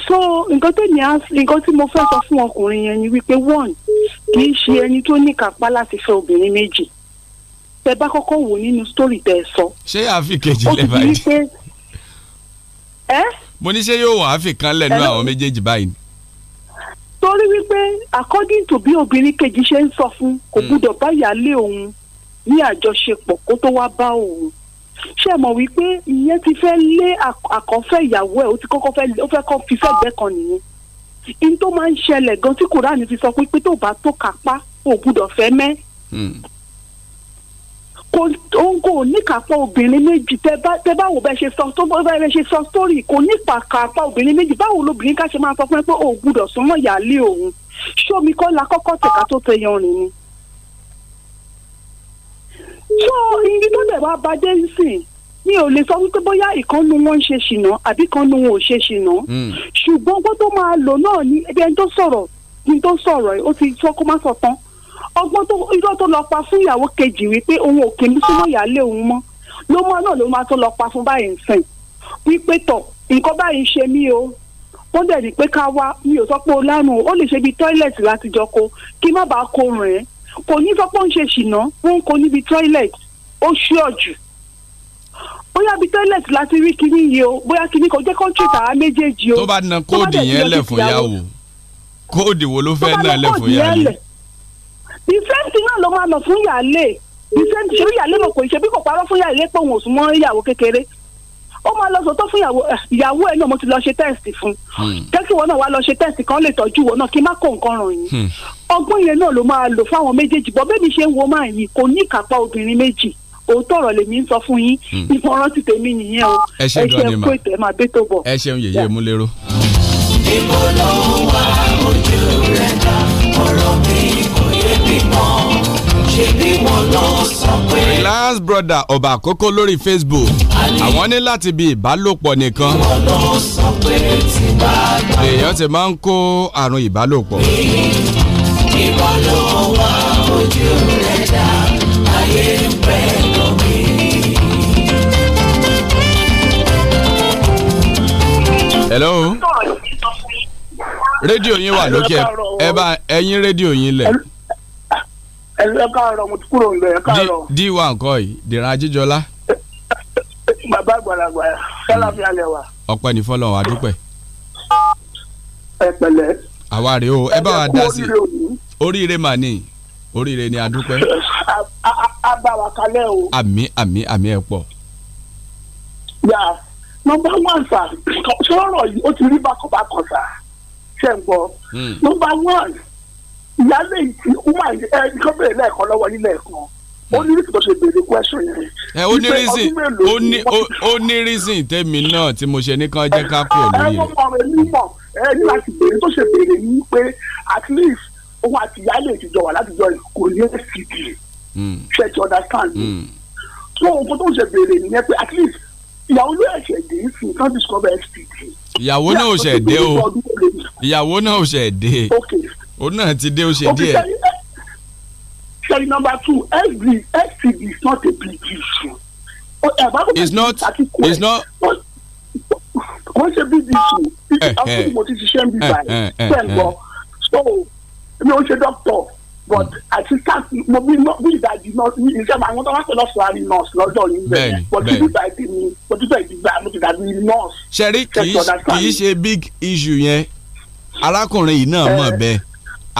so nǹkan tó ní nǹkan tí mo fẹ́ sọ fún ọkùnrin yẹn ni wípé one kì í ṣe ẹni tó ní kápá láti fẹ́ obìnrin méjì tẹ bá kọ́kọ́ wò nínú story tẹ ẹ sọ. ṣé àfi kejì lẹ báyìí. mo ní ṣé yóò wọ́n àfi kan lẹ́nu àwọn méjèèjì báyìí torí wípé according to bí obìnrin kejì ṣe ń sọ fún kò hmm. gbúdọ̀ bá ìyáálé òun ní àjọṣepọ̀ kó tó wá bá òun ṣé mọ̀ wípé ìyẹn ti fẹ́ lé àkọ́fẹ́ ìyàwó ẹ̀ ó ti kọ́kọ́ fẹ́ ó fẹ́ kọ́ fi fẹ́gbẹ́ kan nìyẹn in tó máa ń ṣẹlẹ̀ gan tí Kùránì fi sọ pé pé tó bá tó kápá ò gbúdọ̀ fẹ́ mẹ́ hmm. kò òun kò níkàápọ̀ obìnrin méjì tẹ bá wò bẹ́ẹ̀ ṣe sọ tó bẹ́ẹ̀ ṣe sọ sórí kò níkàápọ̀ obìnrin méjì báwo lobìnrin ká ṣe máa sọ pé ò gbúdọ̀ súnmọ́ ìyáálé òun ṣómi kọ́ la kọ́kọ́ tẹ̀ka tó tẹyan rìn ni so ibi tó dẹ̀ wá bàjẹ́ sí mi ò lè sọ wípé bóyá ìkànnù wọn ń ṣe ṣìnà àbí ìkànnù wọn ò ṣe ṣìnà hmm. ṣùgbọ́n owó tó máa lò náà ni ẹbí ẹni tó sọ̀rọ̀ ni tó sọ̀rọ̀ ó ti sọ kó má sọ tán ọgbọ́n tó irọ́ tó lọ pa fún ìyàwó kejì wípé òun ò kì í súnmọ́ ìyáálé òun mọ́ ló mọ́ náà ló máa tó lọ pa fún báyìí sìn wípé tọ̀ nǹkan báyìí ṣe mí o wọ́n dẹ̀ ní pé ká wá mi ò sọ pé o lárùn ó lè ṣe bíi tọ́ílẹ̀tì láti jọ ko kí má bàa kó rìn kò ní fọ́pọ́ ń ṣe ṣìnà wọn kò níbi toilet ó ṣú ọ̀jù bóyá bíi toilet láti rí kíní yìí o bóyá kíní kò jẹ́ kọ́ńtì tàwa méjèèjì o. tó bá na kóòdì yẹn lẹ̀ fún yà wò kóòdì wo ló fẹ́ náà lẹ̀ fún yà lẹ̀. the same thing náà ló máa lọ fún yà lẹ̀ the same thing ṣé yà lẹ̀ mọ̀ kò ṣe bí kò parọ́ fún yà lẹ̀ pé òun ò sún mọ́ ìyàwó kékeré ó máa lọ sòótọ́ fún eh, ìyàwó ẹ̀ náà mo ti lọ ṣe tẹ́sítì fún jẹ́ hmm. kí wọn náà wá lọ ṣe tẹ́sítì kan lè tọ́jú wọn náà kí má kó nǹkan ràn yín hmm. ọgbọ́n yẹn náà ló máa lò fáwọn méjèèjì bọ́ bẹ́ẹ̀ mi ṣe ń wo máa yìí kò ní ìkápá obìnrin méjì òótọ́ ọ̀rọ̀ lèmi ń sọ fún yín hmm. ìfọ̀rọ̀ ti tèmi nìyẹn o ẹ ṣe ń kó ṣe bí wọ́n lọ́ọ́ Lance brother ọba àkókò lórí Facebook àwọn ní láti bí ìbálòpọ̀ nìkan èèyàn ti máa ń kó àrùn ìbálòpọ̀. hello rédíò yín wà lókè ẹ bá ẹyin rédíò yín lẹ ẹ lọ káàárọ̀ mo ti kúrò ń lọ ẹ káàárọ̀. di wa nǹkan yìí dèrò ajíjọlá. bàbá àgbàlagbà sálàfi alẹ wa. ọpẹ́ ní fọlọ àdúpẹ́. ẹ pẹ̀lẹ́. àwa rèé o ẹ bá wa dá sí oríire mà ní oríire ni àdúpẹ́. a bá wa kalẹ̀ o. àmì àmì àmì ẹ pọ̀. yà nọ́mbà wán sà sọ̀rọ̀ yìí ó ti rí bákọ̀bákọ̀ sà ṣẹ̀ ń gbọ́ hmm. nọ́mbà wán ìyáálé ìtì umar ẹni kan bèrè lẹ́ẹ̀kan lọ́wọ́ yín lẹ́ẹ̀kan ó ní rísìn tó ṣe béèrè question yẹn. ẹ ó ní rísìn ó ní rísìn tèmi náà tí mo ṣe nìkan jẹ́ ká kú òní yìí. ẹ ọmọ rẹ nímọ̀ ẹ ní láti béèrè tó ṣe béèrè yìí pé at least òun àti ìyáálé ìtìjọ wà látijọ́ kò ní fcd hmm. ṣe ti understand. Hmm. so nǹkan tó ń ṣe béèrè nìyẹn pé at least ìyàwó ló ẹ̀ṣẹ̀ dé sí kan discover fcd. ìyàwó náà ò ṣẹ̀ dé o ìyàwó náà ò ṣẹ̀ dé. okay òun náà ti dé ó ṣe díẹ̀. Eh, sorry, number two, SB, SCB is not a big issue. Oh, eh, it's not, it's not. Wọ́n ṣe big issue. Ọkùnrin eh, mo ti ṣiṣẹ́ ń bí báyìí. Bẹ́ẹ̀ lọ, so mi ò ṣe doctor but àti sáà mo bí ìdajì nọ́ọ̀sì ní iṣẹ́ mi àwọn tó wá sọ lọ́sọ̀ àrí nọ́ọ̀sì lọ́jọ́ yìí bẹ́ẹ̀ but bí ìdajì mi but bí ìdajì mi mo ti dàbí nọ́ọ̀sì. Ṣẹ̀rí kì í ṣe big issue yẹn arákùnrin yìí náà mọ̀ bẹ́ẹ̀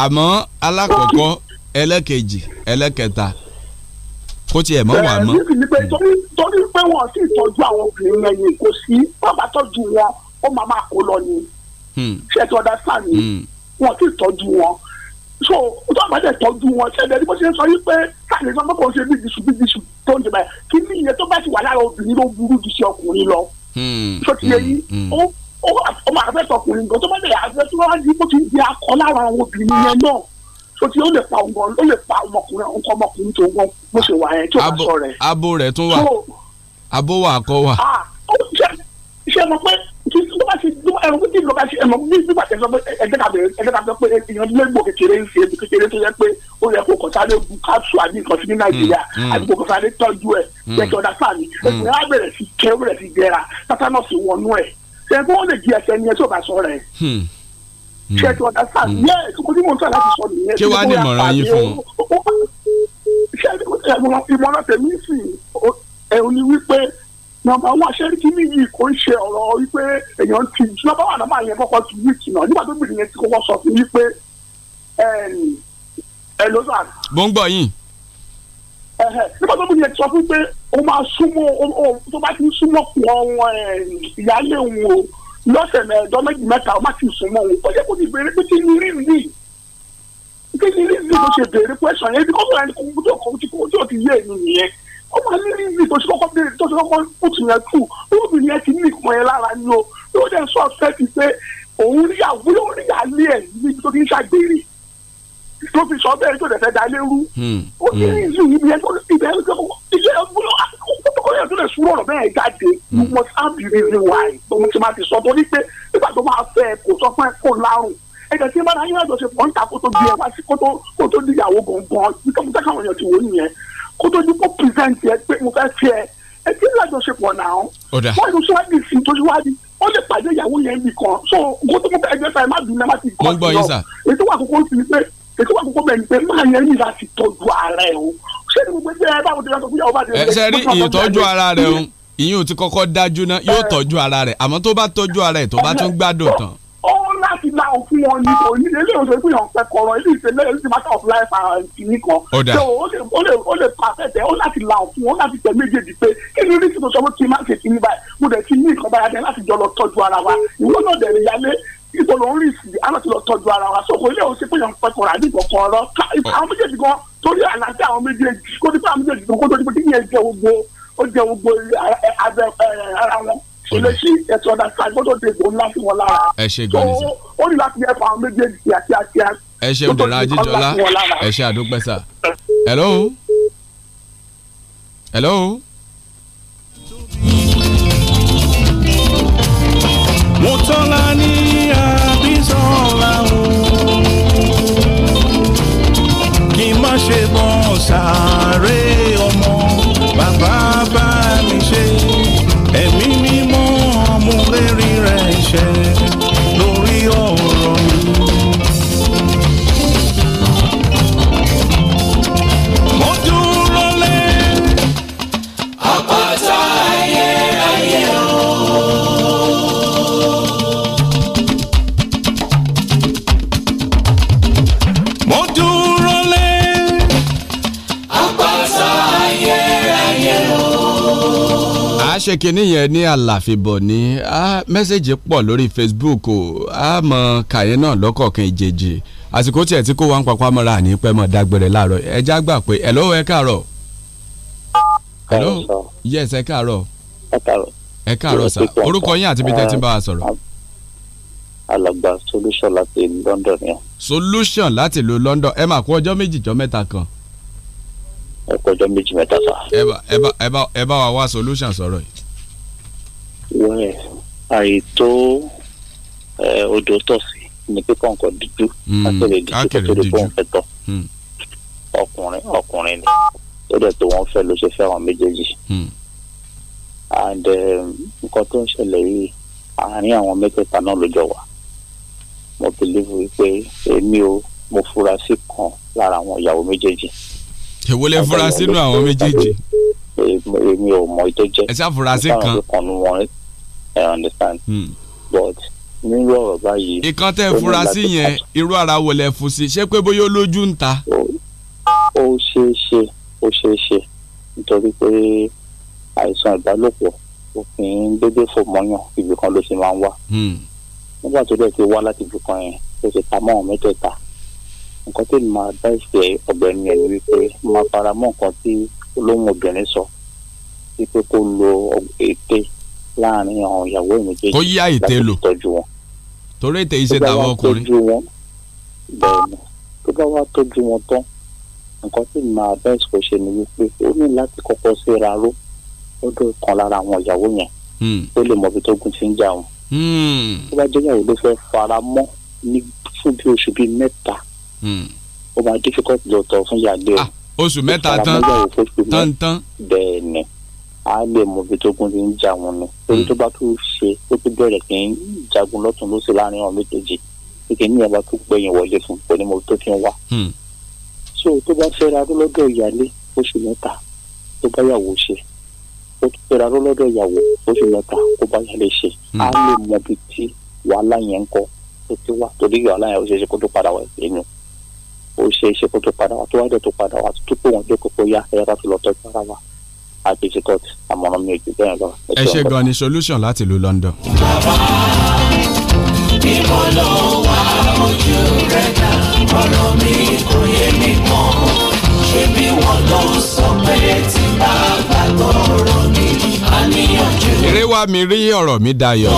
àmọ́ alákọ̀ọ́kọ́ ẹlẹ́kejì ẹlẹ́kẹta kó tiẹ̀ mọ́ wà mọ́. torí torí pé wọn sì tọ́jú àwọn obìnrin yẹn yìí kò sí bàbá tọ́jú wọn ó máa máa kó lọ ni hmm. ṣé tí hmm. wọ́n dá sáà ni wọn sì tọ́jú wọn so tó àbá dẹ̀ tọ́jú wọn ṣẹlẹ̀ ní bó ṣe sọ yí pé káàdì sọ pé kò ṣe bí disu bí disu tó ń jẹ báyìí kí ní ìyẹn tó bá ti wà lára obìnrin ló burú ju sí ọkùnrin lọ. sọ hmm. ti yẹ yí ó ó máa fẹ́ sọkùnrin gan tó bá lè àfẹ́ tó wá ní bó ti ń di akọ lára àwọn obìnrin yẹn náà tó ti ó lè pa ọmọ ó lè pa ọmọkùnrin nǹkan ọmọkùnrin tó wọ́n mo ṣe wà yẹn tí ó sọ rẹ̀. abo rẹ̀ tún wà abo wà akọ wà. Ah, ṣé mo pé tí ló bá ti ẹ̀rọ pé tí ló bá ti ẹ̀mọ́ bí nígbà tẹ̀sán pé ẹ̀jẹ̀ kàbẹ̀ ẹ̀jẹ̀ kàbẹ̀ pé èèyàn lẹ́gbò kékeré ń ṣe ebi kékeré tó yẹ pé ó yẹ kó kọ̀sáré bu káṣù àbí nǹkan sí ní nàìjíríà mm, mm. àbí kó kọ̀sáré tọ́jú ẹ̀ jẹ́jọ́ ọ̀dà sáà ni mm, ẹ̀sìn á bẹ̀rẹ̀ sí kẹ́ bẹ̀rẹ̀ sí jẹra tátánọ̀sì wọnú ẹ̀ ṣe fún lè di ẹsẹ ni ẹ tó rẹ ṣe tí ọ̀dà hmm. hmm. sáà yẹ kó tí mò ń tọ́ láti sọ nìyẹn kí wàá ní ìmọ̀ràn yín fún un. ṣe ìmọ̀ràn tèmi sì ẹ̀ ò wípé nàbà wọn aṣẹ́ríkì níyì kò ń ṣe ọ̀rọ̀ wípé èèyàn ti jù nàbà wà nàbà yẹn kọ́kọ́ ti wíìkì náà nígbà tó bìrì ti kọ́kọ́ sọ fún wípé ẹ̀ ẹ̀ ló sà. bó ń gbọ́ yín nígbà tó bí yẹn sọ fún pé o máa súnmọ́ tó bá ti súnmọ́ pọ̀ wọn um, ìyáálé wọn o lọ́sẹ̀ mẹ́ẹ̀ẹ́dọ́ méjì mẹ́ta o má ti súnmọ́ wọn ó yẹ kó ti béèrè pé kí ni rí rí kí ni rí rí tó ṣe béèrè pẹ́sàn yẹn bí kọ́kọ́ ẹni kò tí ò ti yé èmi nìyẹn ó máa ní rí rí tó ṣe kọ́kọ́ béèrè tó ṣe kọ́kọ́ ó ti yẹn tù lóbìnrin yẹn ti ní ìpọn yẹn lára ni o yóò dẹ̀ sọ ọ̀sẹ̀ ti pé òun rí àwúrò rí àlẹ́ ẹ̀ níbi tó ti ń ṣàgbére tó fi sọ bẹ́ẹ̀ tó tẹ̀fẹ́ da lérú ó ní ìlú ibi ẹjọ́ ibi ẹjọ́ ibi ẹjọ́ ọkùnrin tó lè sún ọ̀rọ̀ bẹ́ẹ̀ jáde you must have the reason why ohun tí máa ti sọ torí pé nígbà tó máa fẹ́ kò sọ fún ẹ kó lárùn ẹ̀jẹ̀ tí bára yín àjọṣepọ̀ ń ta kó tó di ẹ wá kó tó di ìyàwó gangan nítorí káwọn èèyàn ti wò nìyẹn kó tó di kó present yẹ pé mo fẹ́ fi ẹ ẹ ti ní àjọṣepọ̀ náà wọ́n ló síwájú sí tó síwájú ó lè pàdé ìyàwó yẹn bì so kó ẹgbẹ́ fẹ́ má dùn náà má ti kọ́ sí lọ ètò wà kókó bẹ́ẹ̀ ni pé máa yẹ ní láti tọ́jú ara ẹ̀ o ṣé ni gbogbo ẹgbẹ́ báwo ti sọ fún bá ti. ẹ ṣe rí ìtọ́jú ara rẹ o ìyẹn ò ti kọ́kọ́ dájú náà yóò tọ́jú ara rẹ̀ àmọ́ tó bá tọ́jú ara ẹ̀ tó bá tún gbádùn tán. ó láti la òfin wọn ni kò ní ilé ìwòsàn ìpínyà ọ̀pẹ kọ̀ọ̀rọ̀ ilé ìṣẹ̀lẹ̀ ilé matter of life and kìíní kan. ó dà ó lè pa àfẹ́tẹ̀ ó láti la òfin wọn láti tẹ̀ méjèèjì pé kí ni oríṣi tó sọ fún kí n má ṣe kí ní báyìí mo dẹ̀ ti ní ìkọ́báyà dẹ̀ láti jọ lọ tọ́jú ara wa ìwọ náà dẹ̀ ibo ló ń rìn sí aláti lọ tọ́jú ara wa sóko ilé òun ṣe pé yàn pẹkọrọ àbí ìkọkọ ọ̀rọ̀ àwọn méjèèjì gan torí àlàáfíà àwọn méjèèjì kó tó àwọn méjèèjì gan kó tó di pé kí yẹn jẹ gbogbo ó jẹ gbogbo abẹ ara wọn ìlú sí ẹsẹ ọdà sáà gbọ́dọ̀ dé ìbò ńlá fún wọn lára ẹ ṣe gan ni sọ ó ní láti yẹ fún àwọn méjèèjì kíákíá. ẹ ṣe òdòdó ajíjọlá ẹ ṣe àdúpẹ́sà hello hello. ṣé kinní yẹn ní àlàfíbọ̀ ni a mẹ́sẹ̀gì pọ̀ lórí Facebook o a mọ kàyé náà lọ́kọ̀ọ̀kan ìjèjì àsìkò tiẹ̀ tí kò wá ń papá mọ́ra àní pẹ́ mọ́ dágbére láàárọ̀ ẹ gbà pé ẹ̀ lọ́wọ́ ẹ káàárọ̀. hello yes ẹ káàárọ̀. ẹ káàárọ̀. ẹ káàárọ̀ sà orúkọ yín àti ibi tẹ́ ti ń bá wa sọ̀rọ̀. alàgbà solution láti ìlú London yẹn. solution láti ìlú London ẹ máa kó ọjọ́ méjì jọ mẹ́ta kan. ẹ kó ọjọ́ méjì mẹ́ta sà. ẹ bá ẹ bá ẹ bá wa wá solution sọ̀rọ̀ yìí wẹ́ẹ̀ àìtó odò tọ̀ sí ni pípọ̀ nǹkan dúdú akérè dúdú tó lè fóun fẹ́ tọ̀ ọkùnrin ọkùnrin ni ó dẹ̀ tó wọ́n fẹ́ ló ṣe fẹ́ àwọn méjèèjì hmm. and um, nǹkan tó ń ṣẹlẹ̀ yìí àárín àwọn mẹ́tẹ̀ẹ̀ta náà ló jọ wà mo believe wípé èmi o mo fura sí kan lára àwọn ìyàwó méjèèjì. èwo lè fura sínú àwọn méjèèjì. èmi ò mọ ìtọ́jẹ́. ẹ ṣáà fura sí kan. I understand. Mm. but nínú ọ̀rọ̀ báyìí. ìkan tẹ́ fura sí yẹn irú ara wo lẹ fún sí ṣé pé bóyá olójú ń ta. ó ṣeé ṣe ó ṣeé ṣe nítorí pé àìsàn ìbálòpọ̀ òfin dédé fò ibì kan ló ṣe máa ń wá. Hmm. nígbà tó dẹ̀ ti wá láti ibì kan yẹn ó ṣe ta mọ́ mẹ́tẹ̀ẹ̀ta nǹkan tí màá bá ìṣe ọ̀gbẹ́ni ẹ̀ wípé máa fara mọ́ nǹkan tí olóhùn obìnrin sọ wípé kó lo ète láàrin àwọn ìyàwó méjèèjì. kó yá ète lò torí ète iṣẹ́ tàwọn ọkùnrin. bẹ́ẹ̀ni tó bá wá tọ́jú wọn tán nǹkan tí màá bẹ́ẹ̀ sọ ṣe ni wípé ó ní láti kọ́kọ́ síra ró lọ́dọ̀ kan lára àwọn ìyàwó yẹn hmm. ó lè mọ ibi tó gùn ti ń jà wọn. Hmm. tó bá jẹ́ ìyàwó ló fẹ́ fara mọ́ ní fún bí oṣù bíi mẹ́ta hmm. ó máa difficult lọ́tọ̀ fún yàgbé o. Ah, oṣù mẹ́ta tán tán tán. bẹ́ẹ̀ ni a lè mọ ibi tógun ti ń jà wọn ni torí hmm. tó bá tó ṣe tó tó bẹ̀rẹ̀ kí ń jagun lọ́tún lósì láàrin àwọn méjèèjì kíkẹ́ ní ìyàbá tó gbẹ̀yìn wọlé fún pẹ̀lú mọ tó fi ń wá. Hmm. so tó bá fẹ́ra ló lọ́dọ̀ ìyálé oṣù mẹ́ta tó bá yàwó ṣe ó tó fẹ́ra ló lọ́dọ̀ ìyàwó oṣù mẹ́ta tó bá yàlé ṣe a hmm. lè mọ ibi tí wàhálà yẹn ń kọ tó ti wá torí wàhálà yẹn ó ṣeé ṣe kó tó padà wá ẹ̀yìn ó ṣeé ṣe kó tó padà wá tó wá dẹ̀ tó padà wá tó tó pé wọn jókòó pé ó yá ẹ̀yà ká tó lọ tọ́jú ara wa àti ìṣèkọt àmọ̀ràn mi ò jù bẹ́ẹ̀ lọ. ẹ ṣe gan ni solution láti ìlú London. bàbá ibo ló wà ojú rẹ̀ dá ọ̀rọ̀ mi kò yé mi mọ́ ṣé bí wọ́n lọ sọ pé tí bá gbàgbọ́ ọ̀rọ̀ mi àníyànjú. eré wa mi rí ọ̀rọ̀ mi dayọ̀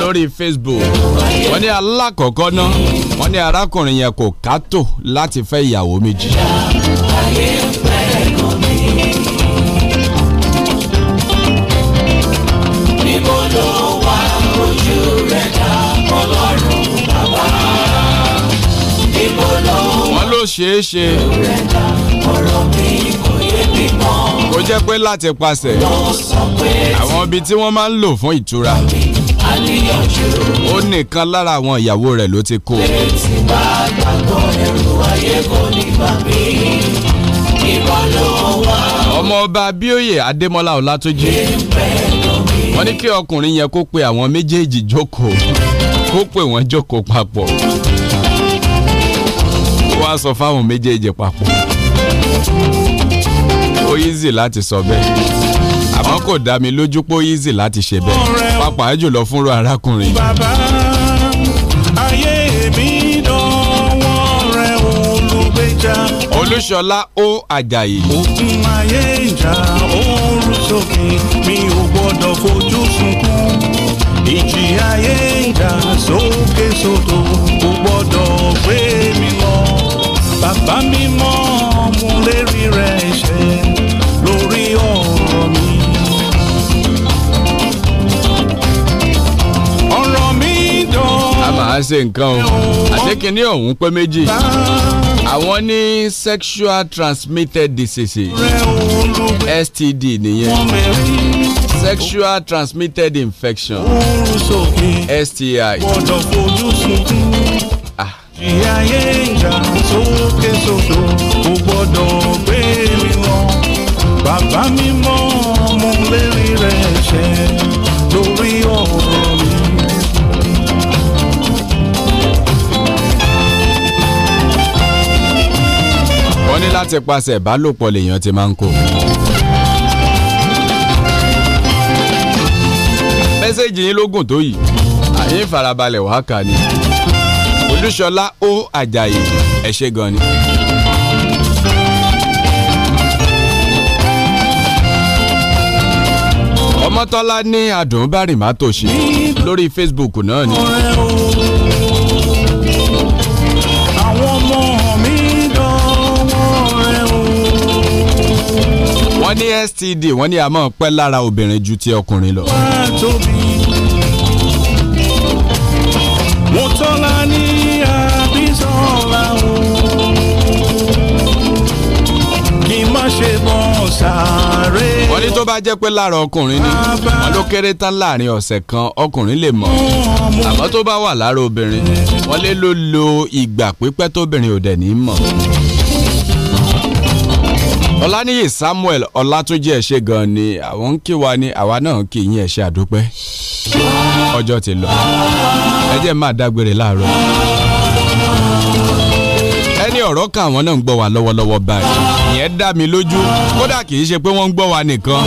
lórí Facebook wọ́n ní alákọ̀ọ́kọ́ náà wọ́n ní arákùnrin yẹn kò kátó láti fẹ́ ìyàwó méjì. ṣeé ṣe. ọ̀rọ̀ mi kò yé mi mọ́. kó jẹ́ pé láti pàṣẹ. àwọn ibi tí wọ́n máa ń lò fún ìtura. ó nìkan lára àwọn ìyàwó rẹ̀ ló ti kó. lè bá gbàgbọ́ ẹrù ayé kò ní bá mi. ìwọ ló wà. ọmọọba abíóyè adémọlá ọlátúnjì. wọ́n ní kí ọkùnrin yẹn kó pe àwọn méjèèjì jókòó kó pe wọ́n jókòó papọ̀ wá sọ fáwọn méjèèjì papọ̀ ó easy láti sọ bẹ́ẹ̀ àmọ́ kò dá mi lójú pé ó easy láti ṣe bẹ́ẹ̀ pàápàá jùlọ fúnra arákùnrin. bàbá ayé mi dánwọ́ rẹ̀ olùgbèjà. olúṣọlá ó àjàyí. òkun ayé ìjà oorun sókè mi ò gbọ́dọ̀ fojú sunkún ìjì ayé ìjà sókè sódò kò gbọ́dọ̀ pé bàbá mímọ́ mú lérí rẹ̀ ṣe lórí ọ̀rọ̀ mi. ọ̀rọ̀ mi dán. a máa ṣe nǹkan o àtẹkìnní ọ̀hún pé méjì àwọn ní sexual transmitted diseases STD nìyẹn sexual transmitted infection STI ìyá ayé ìjà sókè sódò kò gbọ́dọ̀ gbé mi wọn bàbá mi mọ wọ́n ní láti paṣẹ ìbálòpọ̀ lèèyàn ti máa ń kó. mẹ́sẹ̀gì yín lógún tó yìí àyè ìfarabalẹ̀ wàá kà ni. Olúṣọlá ó Àjàyí ẹ gan ni. Ọmọ́tọ́lá ní adùn bárìmá tòṣì lórí Facebook náà ni. wọ́n ní STD wọ́n ní a máa pẹ́ lára obìnrin ju ti ọkùnrin lọ. mo tọ́lá ní. ṣe mọ̀ sáré. wọ́n ní tó bá jẹ́ pé lára ọkùnrin ni wọ́n ló kéré tán láàrin ọ̀sẹ̀ kan ọkùnrin lè mọ̀ àmọ́ tó bá wà lára obìnrin wọ́n lè ló lo ìgbà pípẹ́ tóbìnrin ò dẹ̀ ní mọ̀. ọláníyì Samuel ọlátúnjì ẹ ṣé gan ni àwọn ń kí wa ni àwa náà kì í yín ẹ àdúpẹ́ ọjọ́ ti lọ ẹ jẹ́ máa dágbére láàárọ̀ ọ̀rọ̀ kan àwọn náà ń gbọ́ wa lọ́wọ́lọ́wọ́ báyìí ìyẹn dá mi lójú kódà kì í ṣe pé wọ́n ń gbọ́ wa nìkan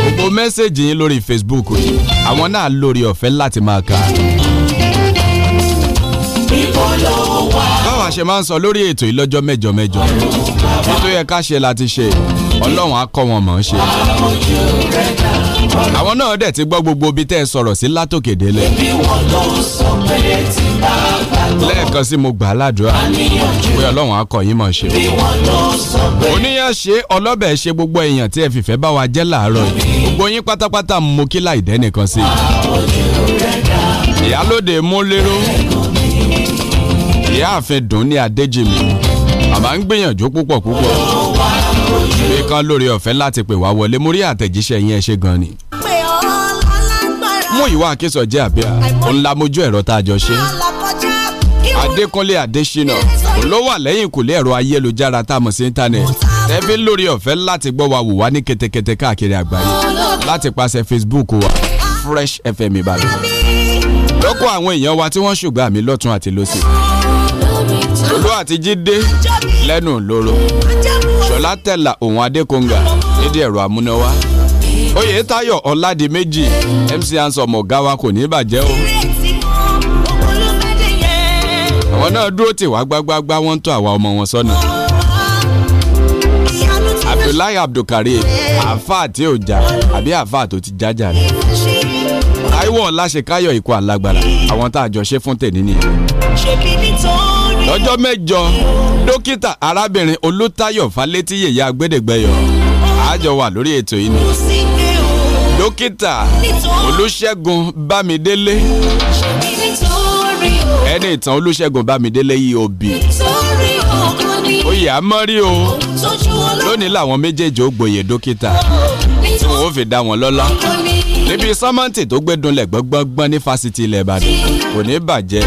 gbogbo mẹ́sẹ̀gì yín lórí Facebook yìí àwọn náà lórí ọ̀fẹ́ láti máa kà á. báwa ṣe máa ń sọ lórí ètò ìlọ́jọ́ mẹ́jọ mẹ́jọ ètò yẹ ká ṣe láti ṣe ọlọ́run á kọ́ wọn mọ̀ ọ́n ṣe. àwọn náà dẹ̀ ti gbọ́ gbogbo ibi tẹ́ ẹ sọ̀rọ̀ sí látòkè délẹ̀. ibi wọn ló sọ pé tí lẹ́ẹ̀kan sí mo gbà ládùúrà pé ọlọ́run á kọ́ yín mọ̀ ṣe. oníyàn ṣe ọlọ́bẹ̀ ṣe gbogbo èèyàn tí ẹ fìfẹ́ bá wa jẹ́ làárọ̀ yìí gbogbo yín pátápátá mo kí láì dẹ́nìkan sí i. ìyálóde múlẹ́rọ́ ìyáàfin dùn ní adéjìmí àmà ń gbìyànjú púpọ̀ púpọ̀ pé kán lórí ọ̀fẹ́ láti pè wá wọlé mo rí àtẹ̀jíṣẹ́ yín ṣe gan ni mú ìwà àkésọ̀jẹ́ àbíà ńlá mojú ẹ̀rọ tá a jọ ṣe. Adékúnlé Adésínà ló wà lẹ́yìn ìkùlé ẹ̀rọ ayélujára tá a mọ̀ sí íńtánẹ̀tì tẹ́bí lórí ọ̀fẹ́ láti gbọ́ wa wò wá ní kẹ́tẹ́kẹ́tẹ́ káàkiri àgbáyé láti pàṣẹ Facebook wa Fresh FM Ìbàdàn lọ́kọ̀ àwọn èèyàn wa tí wọ́n ṣùgbọ́n àmì lọ́tún àti lọ́sì Olú àti Jídé lẹ́nu lóró Ṣọlá tẹ̀là òun Adékọ̀ǹgà nídìí ẹ̀rọ amúnáwá Oye tayo Ọládìméjì MC Ansom ọ̀gá wa kò ní bàjẹ́ o. àwọn náà dúró tì wá gbágbágbá wọ́n ń tọ́ àwa ọmọ wọn sọ́nà. Abdullahi Abdulkareem àáfàá tí ò jà àbí àáfàá tó ti jájà ni. Táíwò Ọláṣekáyọ̀ ikú alágbára àwọn tá a jọ ṣe fún tèmi nìyẹn. lọ́jọ́ mẹ́jọ dókítà arábìnrin Olútáyọ̀ Fálétí yèyé àjọ wà lórí ètò yìí ni dókítà olùṣègùn bámidélé ẹni ìtàn olùṣègùn bámidélé yìí òbí oyè àmọ́rí o lónìí làwọn méjèèjì ó gboyè dókítà tí wọn ò fi dá wọn lọ́lá níbi sọ́mọ́ǹtì tó gbé dunlẹ̀ gbọ́ngbọ́ngbọ́n ní fásitì ilẹ̀ ìbàdàn kò ní bàjẹ́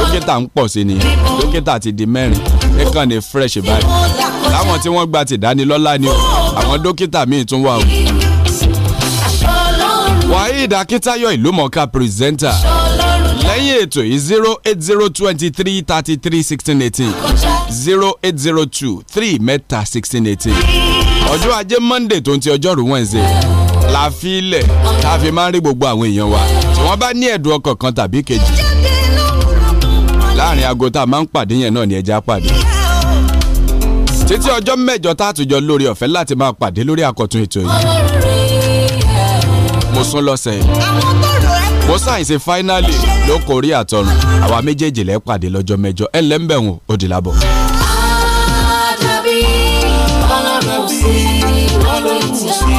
dókítà ń pọ̀ sí ni dókítà ti di mẹ́rin nìkan ní fresh báyìí láwọn tí wọ́n gba tìdánilọ́lá ni o àwọn dókítà míì tún wà o Tóyìn Akíntayọ̀ ìlúmọ̀ọ́ká pírẹsẹ́ńtà lẹ́yìn ètò yìí zero eight zero twenty three thirty three sixteen eighteen zero eight zero two three mẹ́ta sixteen eighteen ọjọ́ ajé Monday tó ń ti ọjọ́rú Wednesday la fi ilẹ̀ tá a fi máa ń rí gbogbo àwọn èèyàn wa tí wọ́n bá ní ẹ̀dùn ọkàn kan tàbí kejì láàrin aago tá a máa ń pàdé yẹn náà ni ẹja pàdé títí ọjọ́ mẹ́jọ tá a tún jọ lórí ọ̀fẹ́ láti máa pàdé lórí àkọ́tún ètò yìí mo sún lọ́sẹ̀ mo ṣàìsí finally ló kórí àtọrùn àwa méjèèjì lẹ́ pàdé lọ́jọ́ mẹ́jọ ẹ lẹ́ńbẹ̀wọ̀n ó lábọ̀. àjàbí ọlọ́run sí ọlọ́run sí.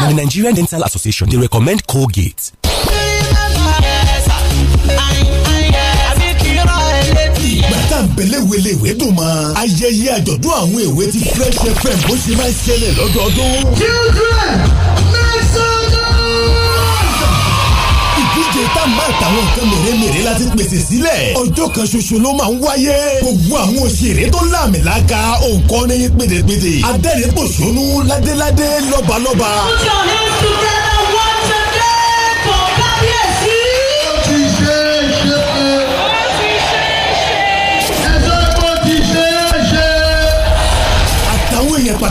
Now, the Nigerian Dental Association, they recommend Colgate. tá dùn mọ́. ayẹyẹ àjọ̀dún àwọn èwe ti Fresh FM bó ṣe máa ń ṣẹlẹ̀ lọ́dọọdún. children sáàmà àtàwọn nǹkan mèremère láti pèsè sílẹ̀ ọjọ́ kan ṣoṣo ló máa ń wáyé gbogbo àwọn òṣèré tó láàmìlàaka òǹkọ́ni pédèpédè adẹ́rẹ́pọ̀ṣónú ládéládé lọ́balọ́ba. ó jọ ní ṣùgbọ́n.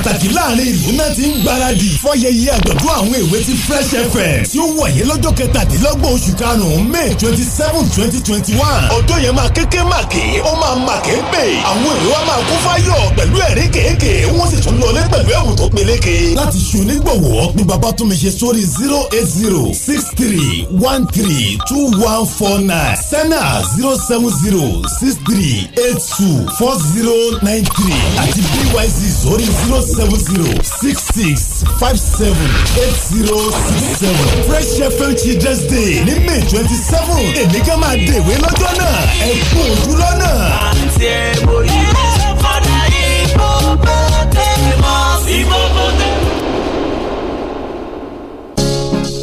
pàtàkì láàrin ìlú náà ti ń gbáradì fọyẹyẹ àgbàdo àwọn èwe ti fresh fm tí ó wọ̀nyí lọ́jọ́ kẹtàdínlọ́gbọ̀n oṣù karùn-ún may twenty seven twenty twenty one ọjọ́ yẹn máa kéké màkì ó máa màkì pè àwọn èrè wa máa kún fáyọ̀ pẹ̀lú ẹ̀rí kéèké wọ́n sì tún lọlé pẹ̀lú ẹ̀wù tó peléke. láti ṣo nígbọ̀wọ́ ni bàbá tún mi ṣe sórí zero eight zero six three one three two one four nine sena zero seven zero six three eight two four zero nine three àti byz sórí zero seven zero six six five seven eight zero six seven Fresh FM Children's Day ní May twenty seven èmi kan máa dèwé lọ́jọ́ náà ẹ kú ojú lọ́nà. àǹtí ẹ̀ bòyí. ẹ fọ́nà ìbò bá tẹ̀ mọ́ sí bọ́bá.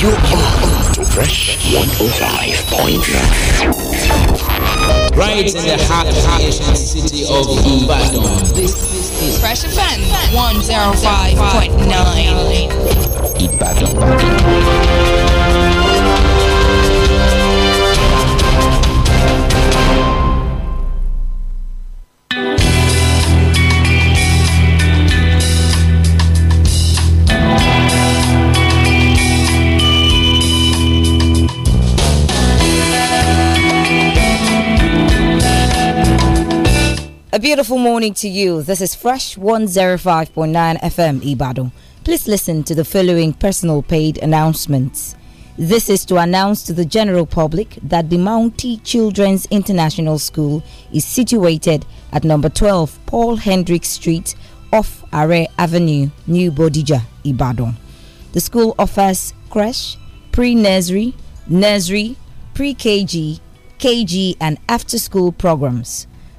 You are to Fresh 105.9. Right in the heart of city of Ibadan. This is Fresh Offense 105.9. Ibadan. A beautiful morning to you. This is Fresh 105.9 FM Ibadan. Please listen to the following personal paid announcements. This is to announce to the general public that the Mountie Children's International School is situated at number 12 Paul Hendrick Street off Are Avenue, New Bodija, Ibadan. The school offers creche, pre-nursery, nursery, pre-KG, KG and after-school programs.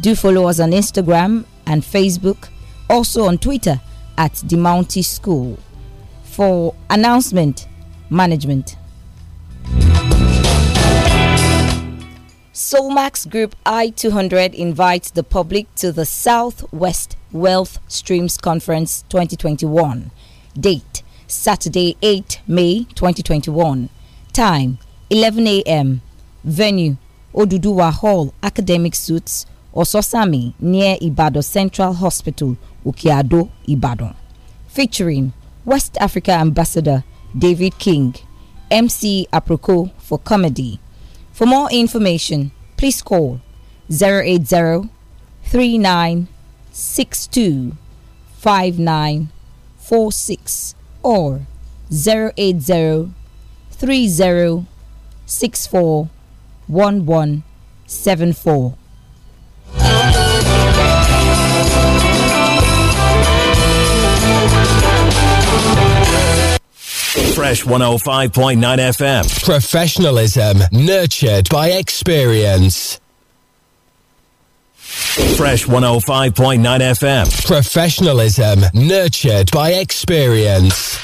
Do follow us on Instagram and Facebook, also on Twitter at the Mountie School. For announcement, management. Solmax Group I200 invites the public to the Southwest Wealth Streams Conference 2021. Date Saturday, 8 May 2021. Time 11 a.m. Venue Oduduwa Hall, Academic Suites, Ososami near Ibadan Central Hospital, Ukiado, Ibadan. Featuring West Africa Ambassador David King, MC Aproko for comedy. For more information, please call 080 or 080 Fresh 105.9 FM. Professionalism nurtured by experience. Fresh 105.9 FM. Professionalism nurtured by experience.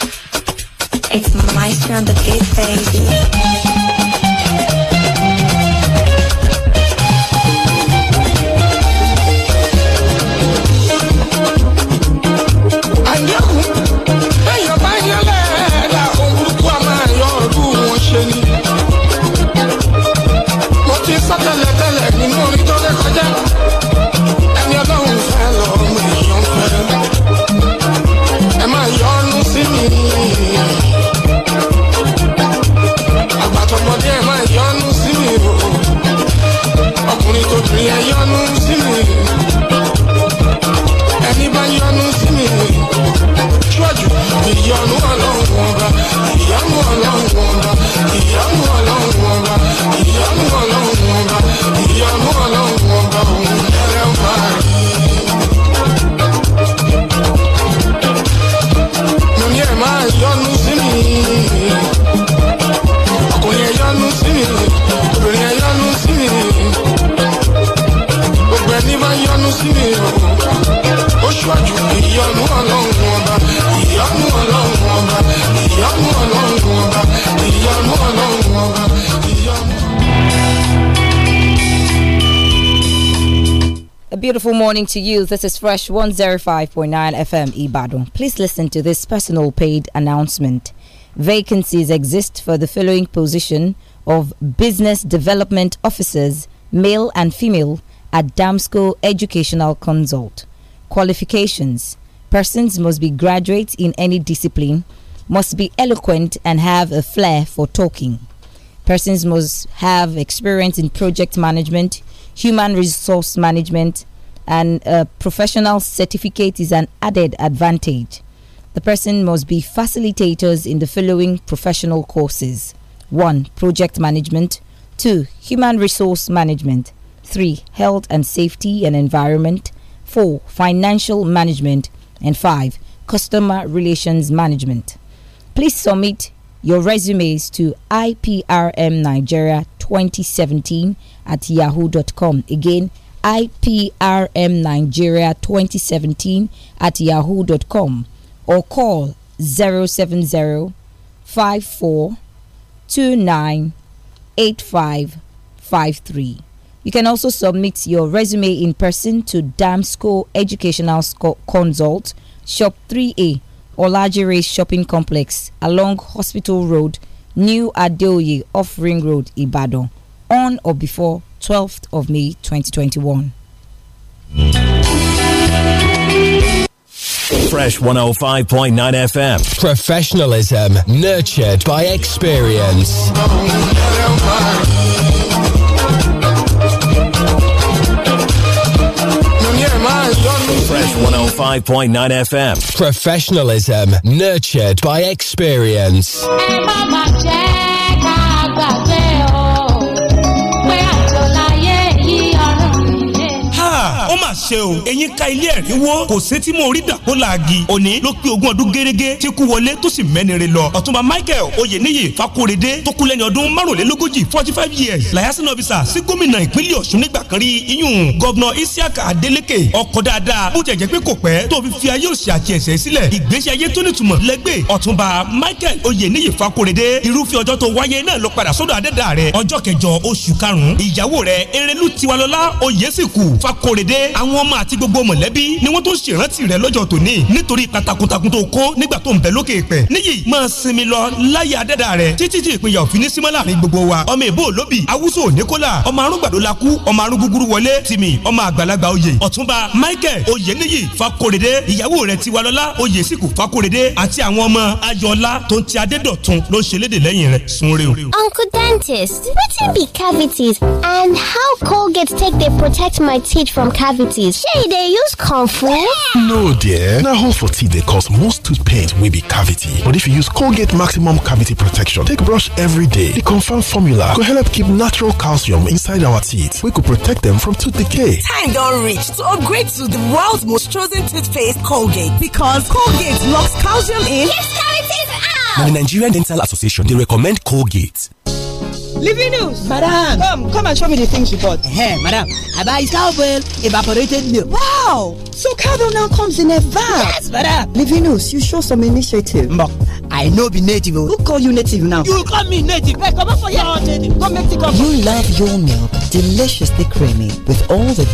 It's my on the beat, baby. Saca la A beautiful morning to you. This is Fresh 105.9 FM Ibadan. Please listen to this personal paid announcement. Vacancies exist for the following position of business development officers, male and female, at Damsco Educational Consult. Qualifications Persons must be graduates in any discipline, must be eloquent, and have a flair for talking. Persons must have experience in project management human resource management, and a professional certificate is an added advantage. The person must be facilitators in the following professional courses 1. Project Management, 2. Human Resource Management, 3. Health and Safety and Environment, 4. Financial Management, and 5. Customer Relations Management. Please submit your resumes to IPRM Nigeria 2017 at yahoo.com. Again, IPRM Nigeria 2017 at yahoo.com or call 070 8553. You can also submit your resume in person to Damsco Educational Consult, Shop 3A, Olajire Shopping Complex, along Hospital Road, New Adeoye, off Ring Road, Ibadan on or before 12th of May 2021. Fresh 105.9 FM. Professionalism nurtured by experience. Fresh 105.9 FM. Professionalism nurtured by experience. ṣeun eyín ká ilé ẹ̀rí wo kò sí tí mo rí dàpọ̀ làágì òní ló pé ogún ọdún gẹ́rẹ́gẹ́ tí kú wọlé tó sì mẹ́nire lọ ọ̀túnba Michael oyèníyì fakorede tó kú lẹ́ni ọdún márùnlélógójì forty five years layasin officer sí gómìnà ìpínlẹ̀ Ọ̀ṣun nígbà kan rí iyún gọ́vnọ̀ Isiaka Adeleke ọkọ̀ dáadáa bó jẹ̀jẹ̀ pé kò pẹ́ tó fi fi ayé òsì àti ẹ̀sẹ̀ sílẹ̀ ìgbésí ayé tó nítumọ̀ lẹ́gbẹ́ ọ̀túnba Michael oyèníyì fakorede irúfẹ́ ọjọ́ tó wáyé náà lọ padà sọ́dọ̀ adẹ́dà rẹ̀ ọjọ́ kẹjọ oṣù karùn-ún ìyàwó rẹ̀ erelu tiwalọ́lá oyèsìkù fakorede àwọn ọmọ àti gbogbo mọ̀lẹ́bí ni wọ́n tó ń ṣèrántí rẹ lọ́jọ́ tòní nítorí takuntakun tó kó nígbà tó ń bẹ lókè pẹ̀ níyì máa sinmi lọ láyé adẹ́dà rẹ títí tí ìpínyà òfin ní símọ́ láàrin gbogbo wa ọmọ ìbò olóbì awúsọ òníkólà ọmọ arún gbàdó la kú ọmọ arún gúgúrú wọlé tìmì ọmọ àgbàlagbà oyè ọ̀túnba michael oyeniyi fakorede fakorede àti uncle dentist wetin be cavities and how colgate take protect my teeth from cavities. toothpaste they use comfort? no dear Now, hole for teeth they cause most tooth pain will be cavity but if you use colgate maximum cavity protection take brush every day the confam formula could help keep natural calcium inside our teeth We could protect them from tooth decay time don't reach to upgrade to the world's most chosen toothpaste colgate because colgate locks calcium in His cavity is out Now the nigerian dental association they recommend colgate Livinus, Madam. Come, come and show me the things you bought. Hey, madam. I buy cowbell, evaporated milk. Wow. So cowbell now comes in a van. Yes, madam. Livinus, you show some initiative. Mok, I know be native. Oh. Who call you native now? You call me native. Hey, come on for your native. Come make the coffee. You love your milk deliciously creamy with all the